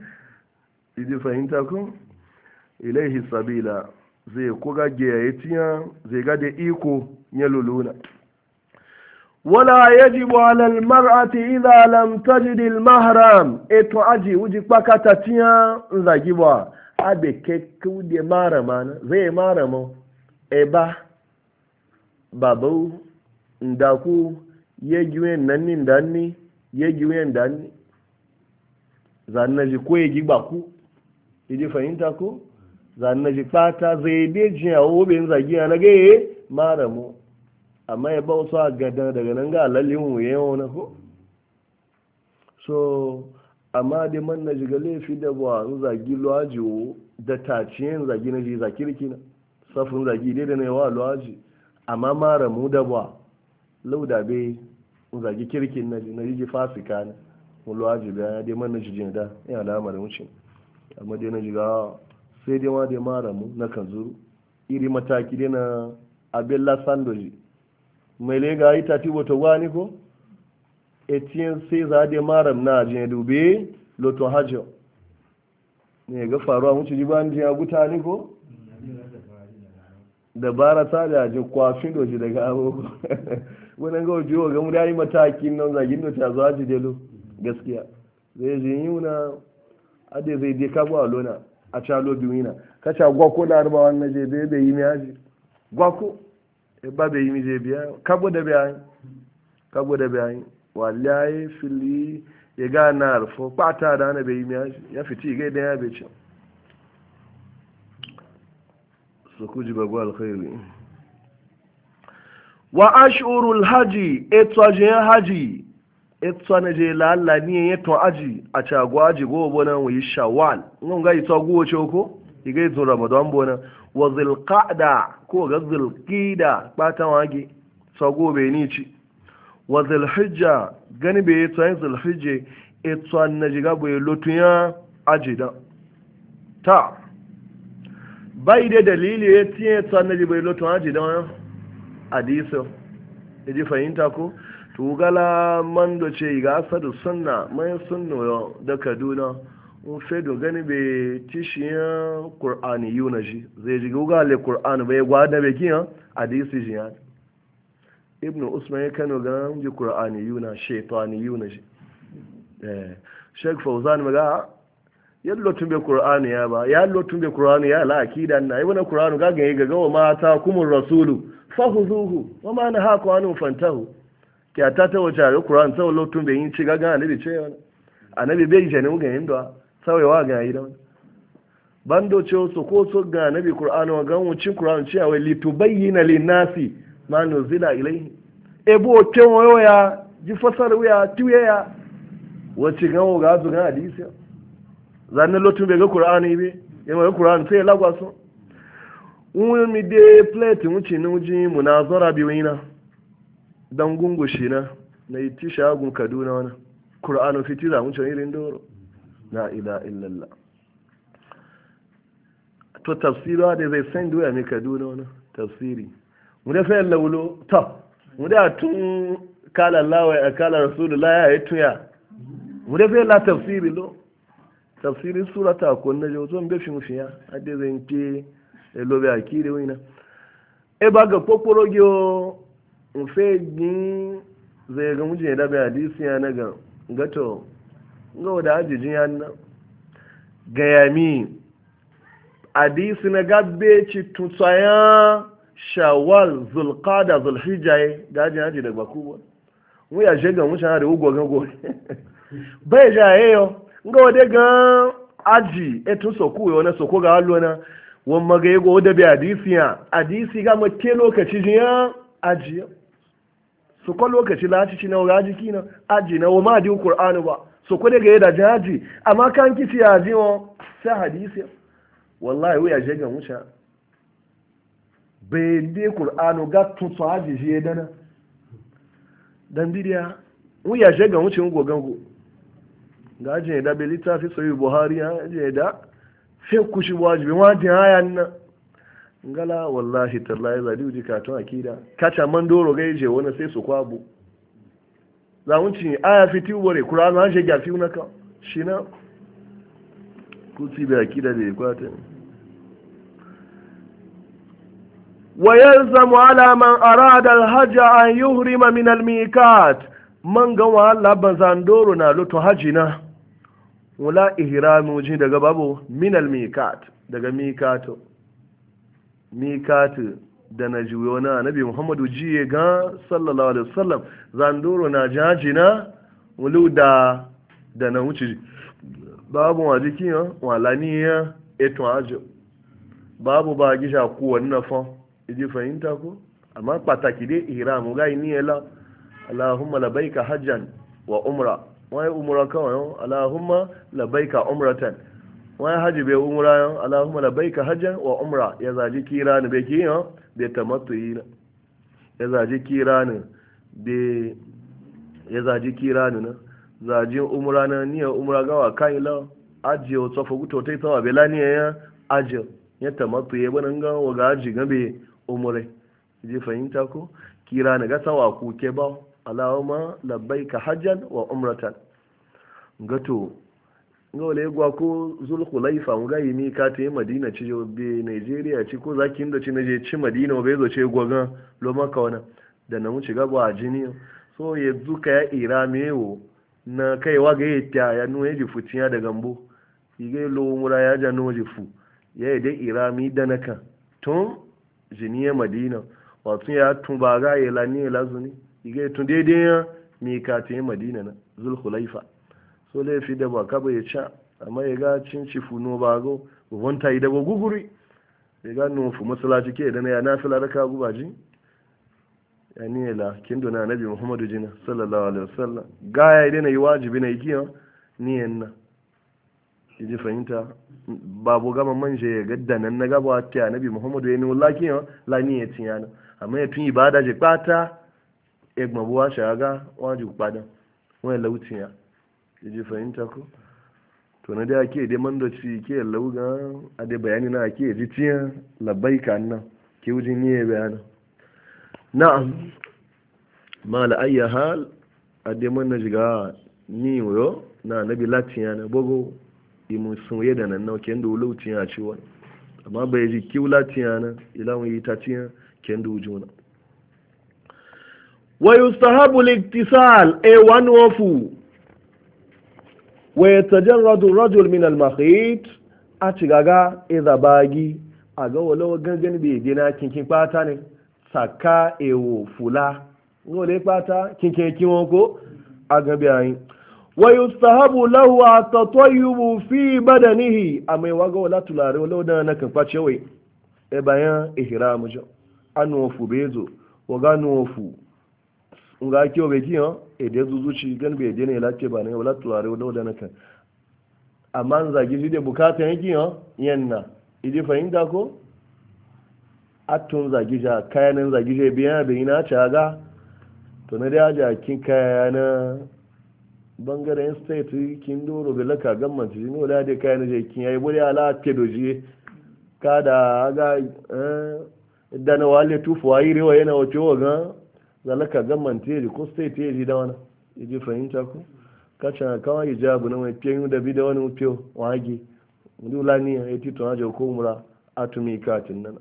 idi fahimta ko ilaihi sabila zai koga gayyaciya zai ga da iko ya luluna wala yajibu ala almar'ati idha lam tajid almahram eto aji uji pakata tiya zagi ba abe ke kude marama na zai marama eba babu ndaku yegiwe nanni ndanni yegiwe ndanni zanna ji ko yegi ku? idi fahimta ku? zanna ji fata zai be a wubin zagi na nage mara mu amma ya ba wasu gadan daga nan ga lalin mu ya yawo na ko so amma da man na jiga laifi da ba in zagi luwaji da taciyen zagi na ji riki na safin zagi dai da na yawa luwaji amma mara mu da ba lauda bai in zagi kirkin na ji na ji fasika na mu luwaji da ya dai man na ji jin da ya alama wuce amma dai na jiga sai dai wa da mara mu na kan zuru iri mataki dai na abin sandoji mai lega yi tafi wata wani ko etiyan sai za da mara na ajiyar dubi loton hajjo ne ga faruwa mutu ji ban jiya guta ni ko dabara ta da ji kwafi doji daga abubu wani ga ojiyo ga mu da yi matakin nan zagin da ta zuwa ji delo gaskiya zai ji yi wuna ade zai je a lona a calo duniya kacha gwako larabawa na je bai bai yi miyaji gwako e, ba bai yi mi je biya kabo da bayan kabo da bayan wallahi fili ya e ga na arfo pata da na bai yi miyaji ya fiti ga idan ya bai ci su kuji babu alkhairi wa ashurul haji etwajen haji ito na je lalla ni ya to aji a cagwa aji go bona wi shawal ngon ga ito go ce ko igai zo ramadan bona wa zilqada ko ga zilqida bata wage go be ni ci wa zilhijja gani be to yin zilhijje ito na je ga boye lotunya aji da ta bai da dalili ya tiye to na je boye lotun aji da hadisi idi e fahimta ko tugala man da ce ga asadu sunna mai sunno da kaduna un fedo gani be tishiya qur'ani yuna ji zai ji ga le qur'ani bai gwada be kiya hadisi ji ya ibnu usman kano ga ji qur'ani yuna shaytani yuna ji eh sheikh fawzan maga ya lotun be qur'ani ya ba ya lotun be qur'ani ya la akida na ibn qur'ani ga ga ga wa mata kumur rasulu fahuzuhu wa ma nahaku anu fantahu ke ta ta wace a kuran sau lotun bai yi ci gaga anabi ce wani anabi bai jani wuga yin da sauyawa ga yi da wani bando ce wasu ko so ga anabi kuran wa gan wucin kuran ce a wai litubayyina linnasi ma nuzila ilaihi ebo ke ya ji fasar wuya tuye ya wace gan wa ga su gan hadisi zanen lotun bai ga kur'ani bai yana e ga kuran sai lagwa so. wọ́n mi dé plẹ̀tì ń tì ní ojú munazọ́ra bí wọ́n yín náà dan gungushi na na yi ti kaduna wani ƙura'anu fitila mun irin doro na ila illallah to tafsiri da zai san doya mai kaduna wani tafsiri mu da sayan laulo ta mu da tun kala lawai a kala rasulullah ya yi tuya mu da sayan la tafsiri lo tafsirin surata ko na jau zon be fin fiya ade zan ke eh, lobe akire wina e ba ga kokoro gyo in fegin zai ga mujin ya dabe hadisi ya naga gato ga wada ajijin ya nan ga yami hadisi na gabe ci tutsayan shawal zulqada zulhijjai ga ajin haji da baku ba mu ya je ga mujin da ugo ga gore bai ja yayo ga wada ga aji etun soku yo na soko ga allona na wamma ga go da bi hadisi ya hadisi ga makke lokaci jiya ajiya su kwa lokaci lacici na wa jiki na aji na wa ma ji qur'ani ba su kwa daga yadda jaji amma kan kici ya ji wa sai hadisi wallahi wuya je ga wuce bai dai qur'ani ga tutu su aji je dana dan bidiya wuya je ga wuce gogan go ga aji da bai littafi sai buhari ya je da sai kushi wajibi wajin hayan nan ngala wallahi tallahi zadi uji katon akida Kata man doro ga je wani sai su kwabo. za mun ci aya fiti bore qur'an an je gafi na ka shina kuti bi akida da kwata wa yalzamu ala man arada al-hajj an yuhrima min al-miqat man ga wa Allah ban san doro na loto hajina wala ihramu ji daga babu min al-miqat daga miqato mikatu da na juyo na annabi muhammadu jiye ga sallallahu alaihi wasallam zandoro na na muluda da na wuce babu wa jiki wala ni ya eto ajo babu ba gisha ku wannan fa iji fahimta ko amma pataki de ihram ga ni ela allahumma labaika hajjan wa umra wa umra kawai allahumma labaika umratan wani haji bai umra yan bai ka hajjan wa umra ya zaji kira ni bai kiyan bai tamattu yi na ya zaji kira ni bai ya zaji kira ni na zaji umra na niya umra gawa kan ila ajiye wa tsofa guto ta yi tsawa bai niya ya ajiye ya tamattu ya bani ga wa ga aji gabe umrai ji fahimta ko kira ni ga tsawa ku ke ba bai ka hajjan wa umratan gato dole gwa ko zul khulaifa mu gayi ni ka te madina ci yo be nigeria ci ko zakin da ci naje ci madina be zo ce gwa lo maka wana da na mu ci gaba a jini so ye duka ya ira mewo na kai wa ga yata ya nu ye tiya da gambo ga lo mura ya ja no je fu ya de ira mi da naka tun jiniya madina wato ya tun ba ga ya la ni lazuni ga tun daidai ya mi ka te madina na zul khulaifa so laifi da ba kaba ya ca amma ya ga cin ci funo ba go ubon ta yi da guguri ya ga nufu masalaci ke da na ya nafila da ba ji. ya ni la kin dona nabi muhammadu jina sallallahu alaihi wasallam ga ya dai na yi wajibi na yi kiyan ni yanna ji fahimta babu gama manje ya gadda nan na gaba ta nabi muhammadu ya ni wallahi ya la ni ya tiyana amma ya tun ibada je pata egmabuwa shaga wajibi pada wani ya ji fahimta ku to na da ke da mandoci da ke lauga a da bayani na ke ji tiya ka nan ke wujin ne bayana na'am ma ayya hal a da manna na jiga ni yo na nabi latin yana bogo imu sun da nan nauke ken da wulautin a ci amma bai ji kiw latin yana ilawun yi ta tiya ke da wujuna wa yustahabu liktisal e wani wofu wa yatajarradu rajul min al mahit a cigaga idza bagi a ga walawa gangan bai dina kinkin pata ne saka ewo fula ngole pata kinkin kiwon ko a gabi ayin wa yustahabu lahu at-tatayyubu fi badanihi amai waga wala tulare wala da na e bayan ihramu jo wa nga kiwo bai kiyo ede ci gan bai ne ilace ba ne wala tuare wala da naka amma an zagi shi da bukatan yake yo yanna idi fahimta ko atun gi ja kayanin gi je biya be ina ga to na e da ja kin kayana bangaren state kin doro laka gan man ci ne wala da kayana je kin yayi bole ala ke doji kada ga eh dana wale tufu ayi rewa yana wato ga zalaka zaman teji ko sai teji da wani yaji fahimta ko kacin kawai hijabu na mai fiye da bi da wani fiye wage wani ni ya ti tun ajo ko mura atumi katin nan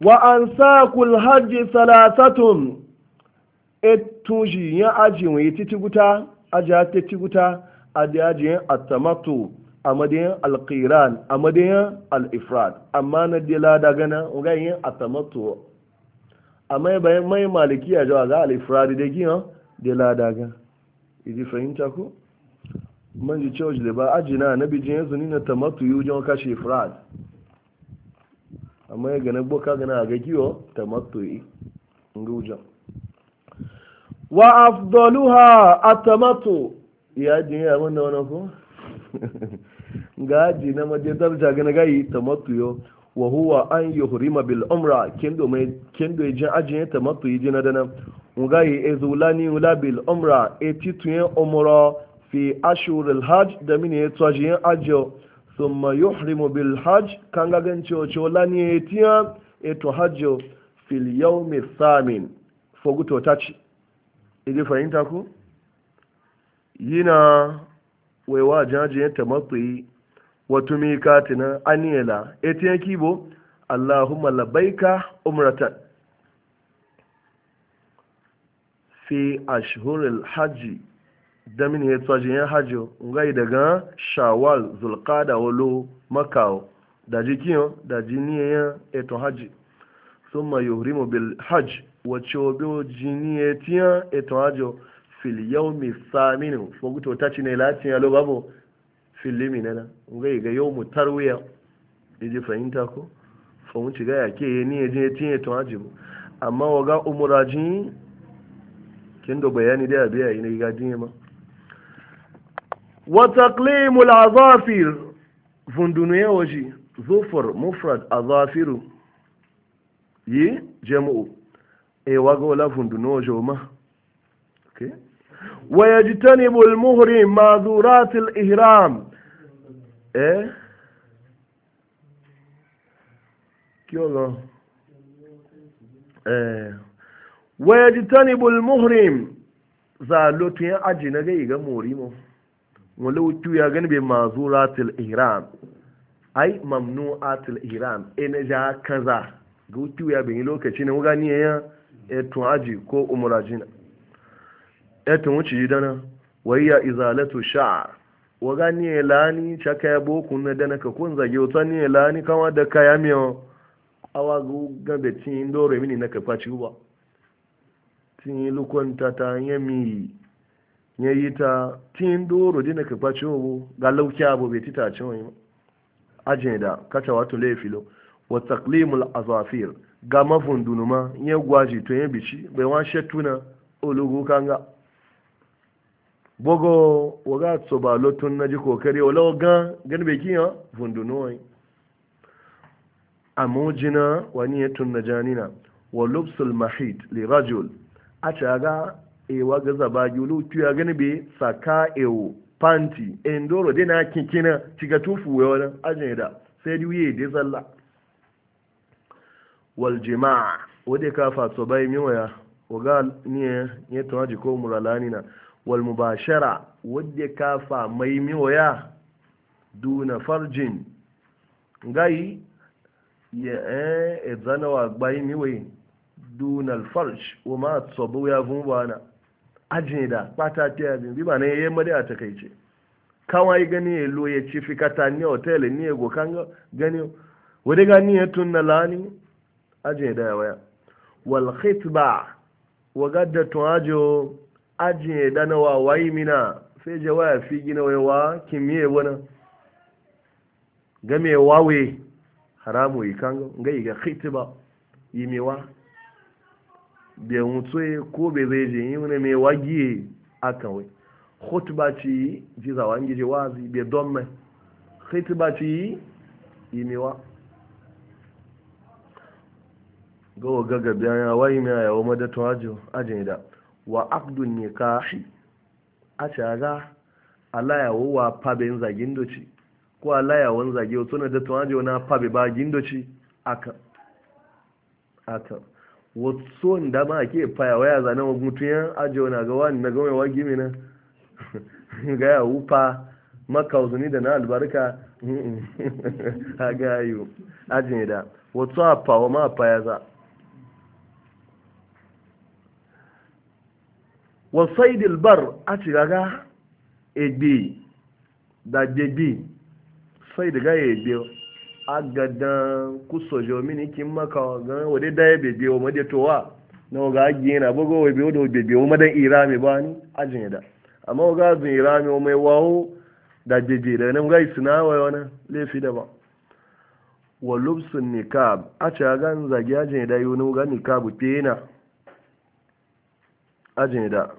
wa an kul hajji salasatun etuji ya aji wani titi guta aji ha titi guta aji aji yin atamatu a madayin alkiran a madayin al'ifrad amma na dila da gana ugayen atamattu amma bayan mai maliki a jawa ga al'ifrad da giyan dila da gana iji fahimta ku man ji cewa jileba ajina na bijin yanzu ni na tamattu yi wajen kashe ifrad amma ya gane boka gana a gagiyo tamattu yi ga wajen wa afdaluha atamatu ya jini abin da wani ku gaji na maje darja gana gayi tamattuyo wa huwa an yuhrima bil umra kendo mai kendo ejin ajin tamattuyi jina dana ngayi ezulani ula bil umra etituye umra fi ashur hajj da mini etwajiyen ajo thumma yuhrimu bil hajj kanga gancho cholani etia eto hajjo fil yawmi thamin foguto tachi idi fahimta ku yina waiwa ta tamattuyi wato mikati na eti etiyan kibo allahumma labaika umratan fi ashhuril hajji damin ya tsaji yan hajji ngai daga shawal zulqada wolo makao da jikin da jiniyan eto hajji summa yuhrimu bil hajj wacce obi jiniyan eto hajji fil yawmi thaminu foguto tachi ne lati ya lo babo filimi na nan ngai ga yau mu tarwiya yaji fahimta ko fahimci ga yake ya ni je tinye to mu. amma wa ga umuraji kin do bayani da biya ina ga dinye ma wa taqlimul azafir fundunu ya waji zufur mufrad azafiru yi jam'u e waga wala fundunu waje ma okay ويجتنب المهرم معذورات الإهرام ẹ́ kí ó lọ wẹ́ẹ̀dìtánibul muhrim zalotun ya aji na gai ga morimo wani wutu ya gani bai mazuratul iran ai mamnu atul iran ina e ja kaza ga wutu ya bin lokaci na wugani ya etun aji ko umurajina etun wuce dana wayya izalatu sha'r waga ni elani chaka ya boku na dana ka kunza zage wata ni elani kama da kaya miyo awa ga da cin dore mini na ka ci ba cin lukon ta ta yami yi ta cin doro di na ka ci bo ga lauki abu bai tita ci wani ajin da kacha le filo wa taqlimul azafir ga mafundunuma ya gwaji to ya bici bai wa tuna olugo kanga bogo waga tso ba lotun na ji kokari wala gan gan be kiyan fundunoyi amujina wani ya tun janina, wa lubsul mahid li rajul a caga ewa ga zaba gilu tuya gani be saka ewo panti endoro dai na kinkina ciga tufu wa wani ajin da sai di wuye dai zalla wal jima'a wadai ka faso bai miwaya waga ni ya tun haji ko muralanina wal mubashara wadda kafa mai miwaya duna farjin gai ya eh zanawa gbai miwai duna alfarj wa ma tsobo ya vunwana ajin da pata ta yabi bi ba ne yayi mari a takeice kawai gani ya lo ya ci fikata ni hotel ni ego kan gani wadda gani ya tunna lani ajin da ya waya wal khitba wa gadda tuajo ajiye dana wa wayi mina sai je waya fi gina wai wa kimiye wani game wawe haramu ikan gai ga ba yi mewa da mutu e, ko bai zai je yi wani giye a kan wai ba ci ji zawa an gije wazi bai don mai ba ci yi yi mewa gawa gaga bayan wayi mai ayawa Ajin ajiyar da wa abdun ya kashi a shaga alayawo wa fabe zagin doci ko alayawon zage wato na datton aji wani fabe ba gindoci aka aka wato da ma ake faya waya zanen wa mutum ya ajiye wani ga wani na wa gimi na ga ya wufa makauzuni da na albarka a yi ajiye da wato a fawa ma a faya za wa saidil bar a ci gaga egbe da gbegbe saidi ga ya egbe a gadan kuso jomini kin maka gan wade da ya bebe wa made towa na waga agi yana bugo wa bebe wa bebe wa madan irami ba ni ajin da amma waga azin irami wa mai wawo da gbegbe da nan gai sina wa wani laifi da ba wa lubsun nikab a ci gan zagi ajin da yi wani waga nikabu pena ajin da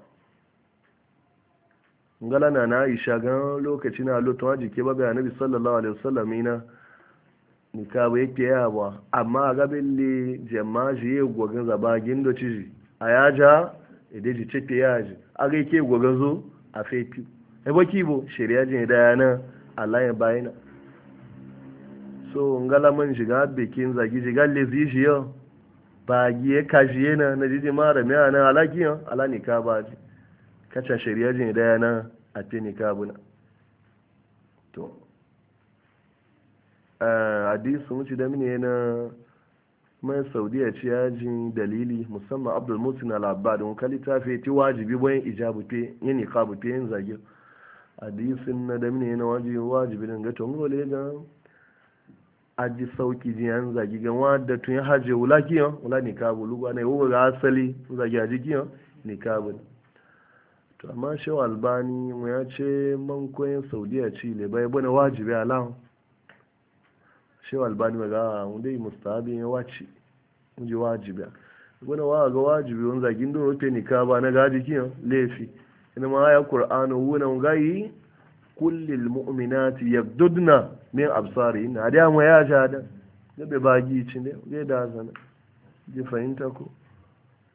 ngala na na aisha gan lokaci na lotun a jike baga annabi sallallahu alaihi wasallam ina ni ka ba ke yawa amma ga billi jama'a ji ye gogan zaba gindo ciji ayaja ede ji cike yaji aga ke gogan zo a fefi e baki bo shari'a jin da yana Allah ya bayina so ngala man shiga bikin zagi shiga lezi shi yo ba giye kajiye na na jiji mara mai ana alakiyan ala ni ka ba ji kacha shirya jin daya na a tini kabuna to a hadisun wuce da mini na mai saudiya ce yajin dalili musamman abdul musin al'abadun kalita fi ti wajibi bayan ijabu te yin ikabu te yin zagi hadisun na da mini na wajibi din gato ngole ga aji sauki ji yan zagi ga wadda tun ya haje wula kiyan wula nikabu lugwa na yi wuga asali zagi a jikiyan nikabu ne to amma shehu albani mu ya ce man koyin saudiya ci ne bai bane wajibi alam shehu albani ba ga mu dai mustahabi ne waci mu ji wajibi bane wa ga wajibi wani zagin don rufe ni ka ba na gaji kiyan laifi ina ma ya qur'ani wuna gayi kullil mu'minati yabdudna min absarihin hadiya mu ya jada ne bai bagi ci ne ge da zana ji fahimta ko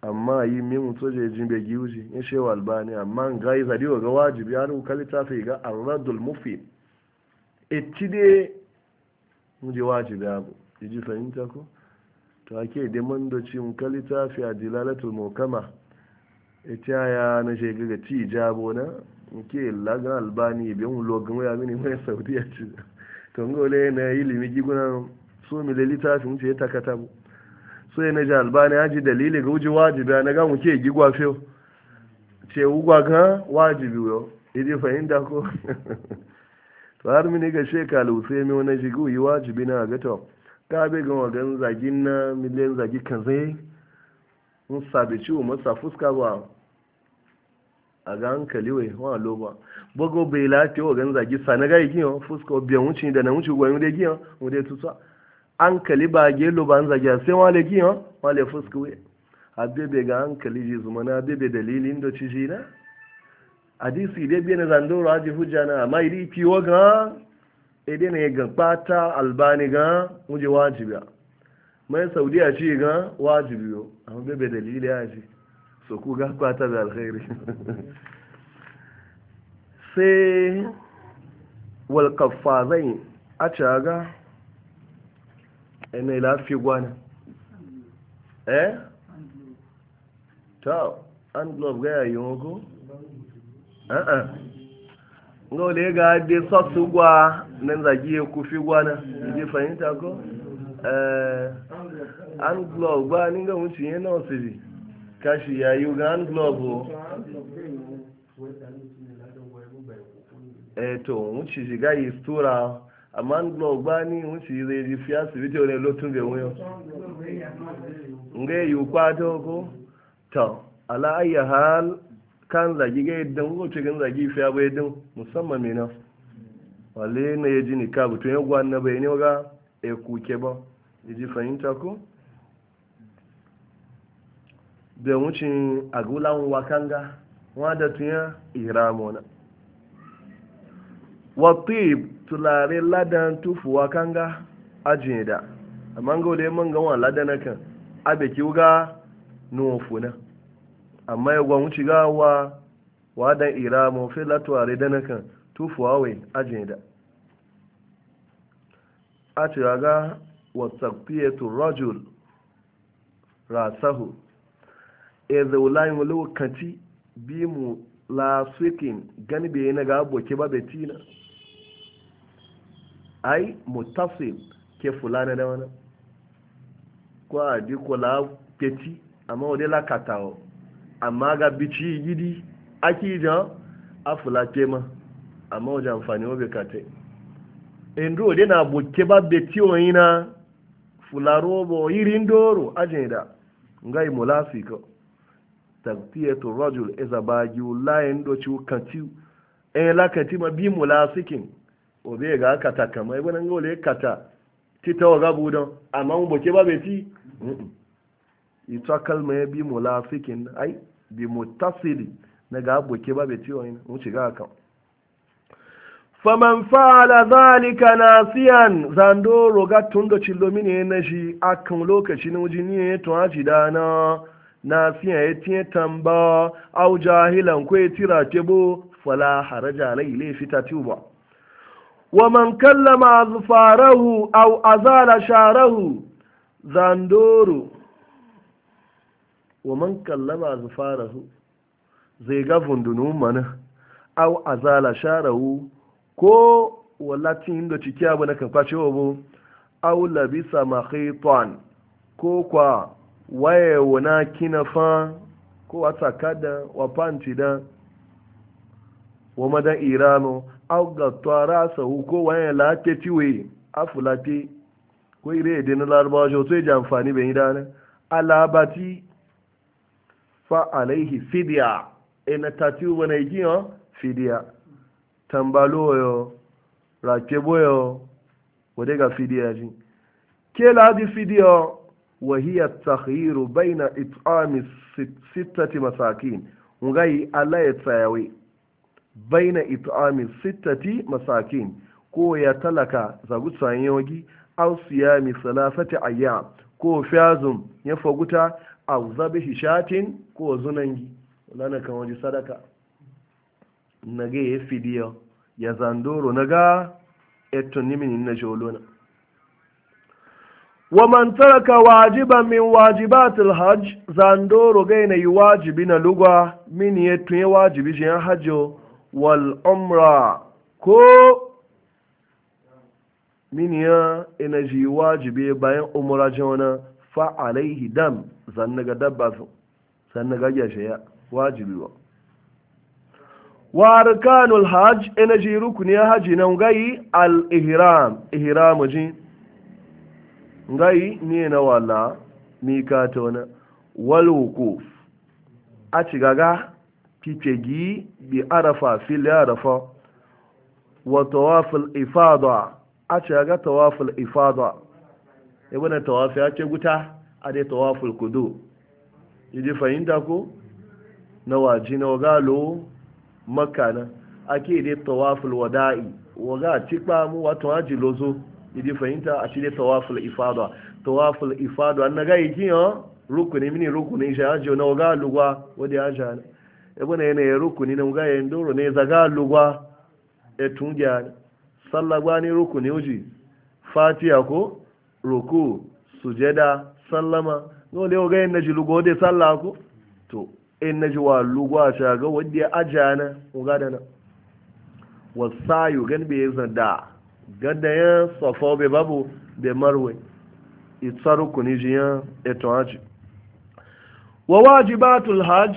amma yi min soje jin bai giwuji ya wa albani amma ga yi zadiwa ga wajibi ya nuka littafi ga arradul e ci de muje wajibi abu ji fahimta ko to ake da mandoci kuka littafi a dilalatul mukama ita ya na shekaga ti jabo na nke lagan albani biyan logan waya mini mai saudiya ci to ngole na ilimi gigunan so mi littafin ce ya takata mu so yana ji albani ya ji dalili ga wuji wajibi na ga muke gigwa fiyo ce wugwa gan wajibi yo idi fahimta ko to har mini ga shekalu lusai mi wani jigu yi wajibi na ga to ka be wagan zagin na miliyan zagi kan zai mun sabi ciwo masa fuska ba a ga hankali wai wa loba bago bai lati wagan zagi sa na ga gina giyan fuska biyan wuce da na wuce gwayo da giyan mu tutsa ankali ba gelo ba an zagiya sai wale giyan wale A abebe ga ankali ji zuma na abebe dalilin da ci ji na hadisi dai bi na zandoro haji hujja na amma iri piwo ga ede ne ga kpata albani ga muje wajibiya mai a ci ga wajibiyo amma bebe dalilin ya ji so ku ga kpata da alkhairi sai wal zai a caga ene lafi gwana eh ta an glove ga yayin ogo a'a ngole ga de sosu gwa nan zagi ya kufi gwana je fahimta ko eh an glove ba ni ga mutu yin na osiri kashi yayu ga an glove eh to mutu shiga yi stura àmọ́ ń gbọ́ ọgbá ní ń sì rè rí fi àsìbítì orin ló tún bẹ̀ wọ́n. ngai yukwa ta ko ta ala kan zagi ga yadda cikin zagi fi din musamman mina wale na yaji ni ka ya gwan na bai ne ga e kuke ba yaji fahimta ko da wucin agulan wakanga wa ya tunya iramona wa tulare ladan tufuwa kanga ajiye da amma ga wale man gawa ladan kan abe kiwga nufuna amma ya gwamu ci gawa wadan ira mu fi latuware na kan tufuwa wai ajiye da a ce ga wasaqtiyatu rajul rasahu idza e ulaymu lokaci bi mu la sukin gani be na ga boke ba betina ai mutasil ke fulani da wani kwa adi kula peti amma wani lakatawo amma ga bici gidi aki jan a fulake ma amma wajen amfani obi kate indu wade na buke ba beti oyi na fularobo irin doro ajin da ngai mulafika taktiyatu rajul iza bagiu layin doci kanti ɗaya lakanti ma bi mulasikin obe ga kata kama ibi nan gole kata tita wa gabu don amma mun boke ba beti ita kalma ya bi mulafikin ai bi mutasili na ga boke ba beti wa ina mun shiga kan faman fa'ala zalika nasiyan zando roga tun da cillomi ne na shi akan lokaci na wujini ne tun haji dana nasiyan ya tiye tamba au jahilan ko ya tira tebo fala haraja alai le fita ومن كلم أظفاره أو أزال شعره زاندورو ومن كلم أظفاره zai ga fundunin mana au azala sharahu ko wallatin da ciki abu na kan kwace wa au labisa makhaitan ko kwa waye wana kinafa ko wata kada wa panti da wa madan irano au ga twara sa ko wani late tiwe afulate ko ire ya na larabawa shi sai ji amfani bai alabati fa alaihi fidiya ina tatiwa na igiyan fidiya tambalo yo rakebo yo wade ga fidiya ji ke ladi fidiya wa hiya takhiru baina it'ami sittati masakin ngai ala baina it'ami sittati masakin ko ya talaka zagu sanyogi aw siyami salasati ayyam ko fiyazum ya faguta aw zabihi shatin ko zunangi lana kan waje sadaka nage ya fidiyo ya zandoro naga eto nimini na joluna wa man taraka wajiban min wajibatil hajj zandoro gaina yi wajibi na lugwa min yetu ya wajibi jiyan hajjo wal umra ko miniya energy wajibi bayan umra jona fa alaihi dam zannaga dabba su zannaga gashe ya wajibi wa wa arkanul hajj energy rukuni ya haji na ngai al ihram ji ngai ne na wala mika tona wal wukuf a cigaga kicegi bi arafa fili arafa wa tawafil ifada a ce ga tawafil ifada e ibn tawafi ya ce guta a dai tawafil kudu iji fahimta ko na waji na wagalo makka na ake dai tawafil wada'i waga tikpa mu wato haji lozo iji fahimta a ci dai tawafil ifada tawafil ifada an na ga yi kiyan rukuni mini rukuni shi haji na wagalo wa wadda ya ebona yanayin rukuni na muga nduru doro ne zaga etunja e tungiya sallagwa ne rukuni uji fatiya ko ruku sujeda sallama no le ga yin naji lugo de sallah ko to in naji wa lugwa ta ga wadda ajana muga da na wasayu gan be zanda gadda ya safo be babu be marwe itsaru kunijiya eto haji wa wajibatul hajj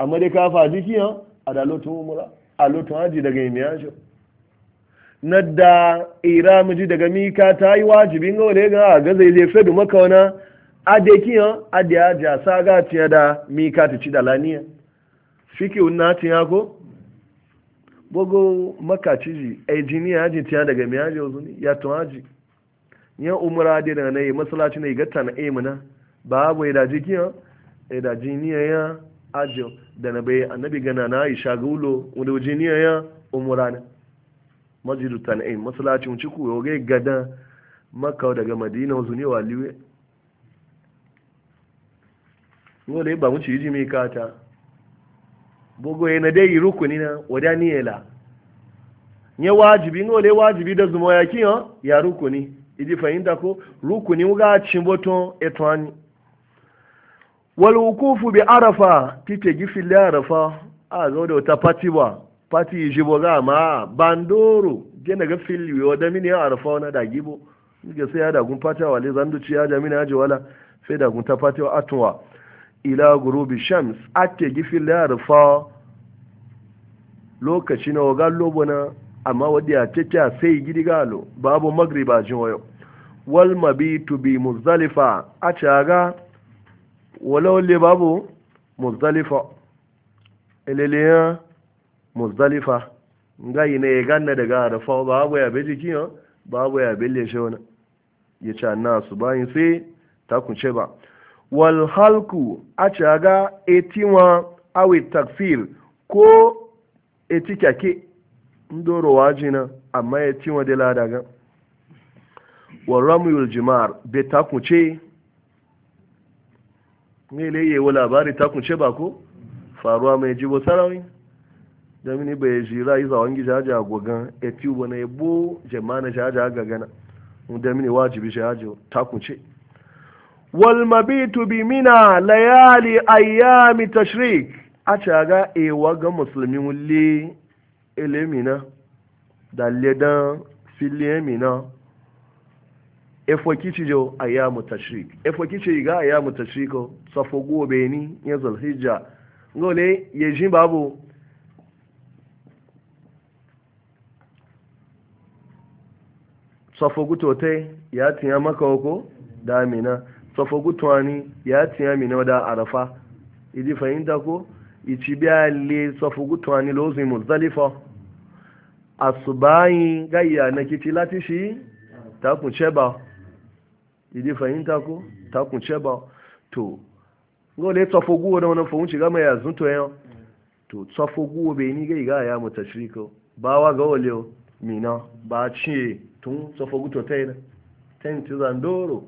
amma dai ka faji kiyan a da lotun umura a lotun haji daga imiyan shi na da iramiji daga mika ta yi wajibin ga wani ga ga zai zai fedu maka wani ade kiyan ade ya ja sa ga tiya da mika ta ci da laniya fiki ti ya ko bogo ci ji jini ya ji tiya daga miya ji ozuni ya tun haji yan umura ade da na yi masalaci na yi gatta na emina babu ya da jikiyan ya da jini ya ajo da na bai annabi gana na yi gulo wanda waje niya ya umurana masjidu tan'im masallacin ciku ya wage gada makka daga madina wasu ne waliwe wanda ba mun ci yiji mai kata bogo ya na dai rukuni na wada niyela nye wajibi ngole wajibi da zumo ya kiyo ya rukuni idi fahimta ko rukuni muga chimboton etwani walukufu bi arafa tite gifille arafa a zo da wata pati jibo za ma bandoro gina ga fili wa damini ya arafa na da gibo ga sai ya da gun wa le zandu ya da sai da gun ta pati wa atwa ila gurubi shams ate gifille arafa lokaci na waga lobo na amma wadda ya ce sai gidi galo babu magriba jin wayo wal mabitu bi muzalifa a ga wala wale babu muzdalifa ililiyan muzdalifa nga yi ne ya ganna daga arafa babu ya be jiki babu ya be leshe wani ya ce na su bayan sai ta kunce ba wal halku a ce ga etiwa awi takfir ko eti kyake ndoro wajina amma etiwa de ladaga wa ramyul jimar be ta kunce mele yi wa labari ta ba ko faruwa mai jibo sarawi da mini bai jira yi zawon gija a gogan etiyu wani yabo jemana shi a gagana da mini wajibi shi haji ta ce. walmabitu bi mina layali ayyami tashrik a caga ewa ga musulmi wuli ilimina da ledan filiyemina efo kici jo ayyamu tashrik efo kici ga ayyamu tashriko oh, safo gobe ni ya zulhijja ngole ye jin babu safo gutote ya tiya maka oko da mina safo gutwani ya tiya mina da arafa idi fahimta ko ichi biya le safo gutwani lozi muzdalifa asubayin gayya na kici lati shi ta kun ba. idi fahimta ko ta kunce ba to gole tsafo guwa da wani fahimci gama ya zunto yau to tsafo guwa bai ni gai ga ya mu tashriko ba wa ga wale mina ba ce tun tsafo guto ta yana tenti zandoro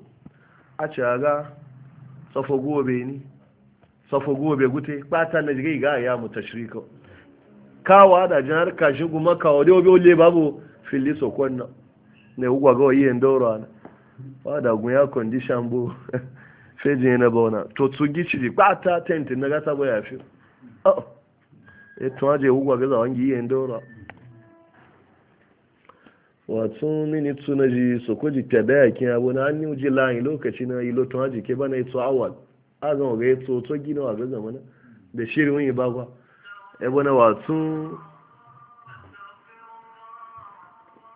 a ce ga tsafo guwa bai ni tsafo guwa bai gute bata na gai ga ya mu tashriko kawa da jinar kashin kuma kawo da obi ole babu fili sokon na ne ugwa ga oyi endoro ana fadagun ya condition bo feji yana bauna to tsugi ciri kwata tent na gasa ba ya fi oh e tun aje hugwa gaza wangi yin dora wato mini tuna ji so ko ji tada ya kin abu na anni uji layin lokaci na ilo tun aje ke bana ito awal a ga ito to gina wa gaza mana da shirin yi bagwa e bana wato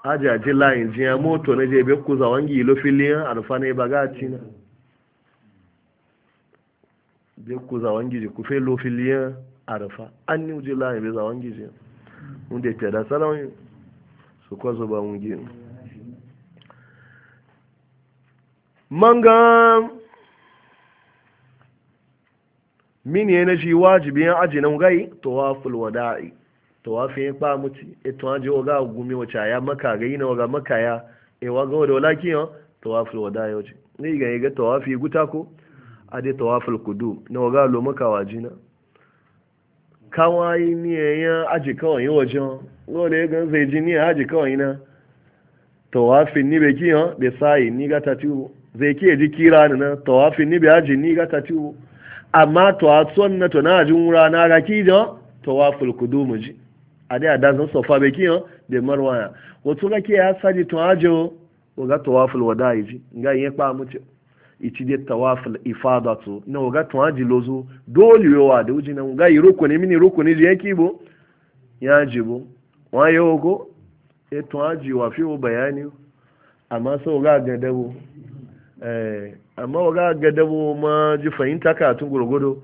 ajaji layin jiya moto na je bai kuza wangi ilo filiyan alfane bagaci na bai kuza wangi ji kufe lo filiyan arfa an ni uji layin bai za wangi ji wanda ke da salon su kwazo ba wangi manga mini ne shi wajibin aji na ngai tawaful wada'i to wa fi pa muti eto anje oga gumi wacha ya maka ga na oga maka ya e wa ga wala kiyo to wa fi wada yo ni ga ga to wa fi guta ko ade to wa fil kudu na oga lo maka wajina kawai ni ya aji kawai yi wajen lole ga zai ji ni aji kawai na to wa fi ni be kiyo be sai ni ga tatu zai ke ji kira ni na to wa fi ni be aji ni ga tatu amma to a son na to na ajin wura na ga kijo to wa fil kudu mu ji ade a dazan sofa be kiyo be marwaya wato ga ya saji to ajo waga tawaful wada'i ji ga yin pa mutu iti de ifadatu na waga to aji dole yo wa da uji na ga yi roko mini roko ne je kibo ya jibo wa e yo ko e to aji wa fi o bayani amma so ga ga dabo eh amma waga ga dabo ma ji fahimta ka tun gurgudo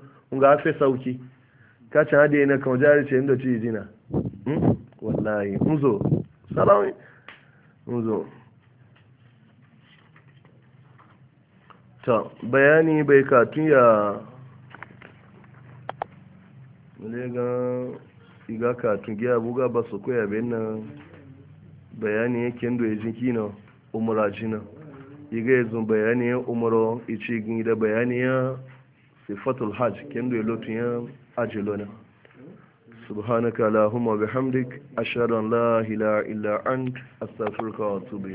ka ta da yana kan na. Hmm? wallahi nzo salami nzo ta bayani bai katun ya legan iga katun giya buga ba su koya bayan nan bayani yake ndo ya jinki na umara jina iga yanzu bayani ya umara ichi gini da bayani ya sifatul hajj kendo ya lotun ya ajilona subhanaka allahumma bihamdik ashhadu an la ilaha illa ant astaghfiruka wa atubu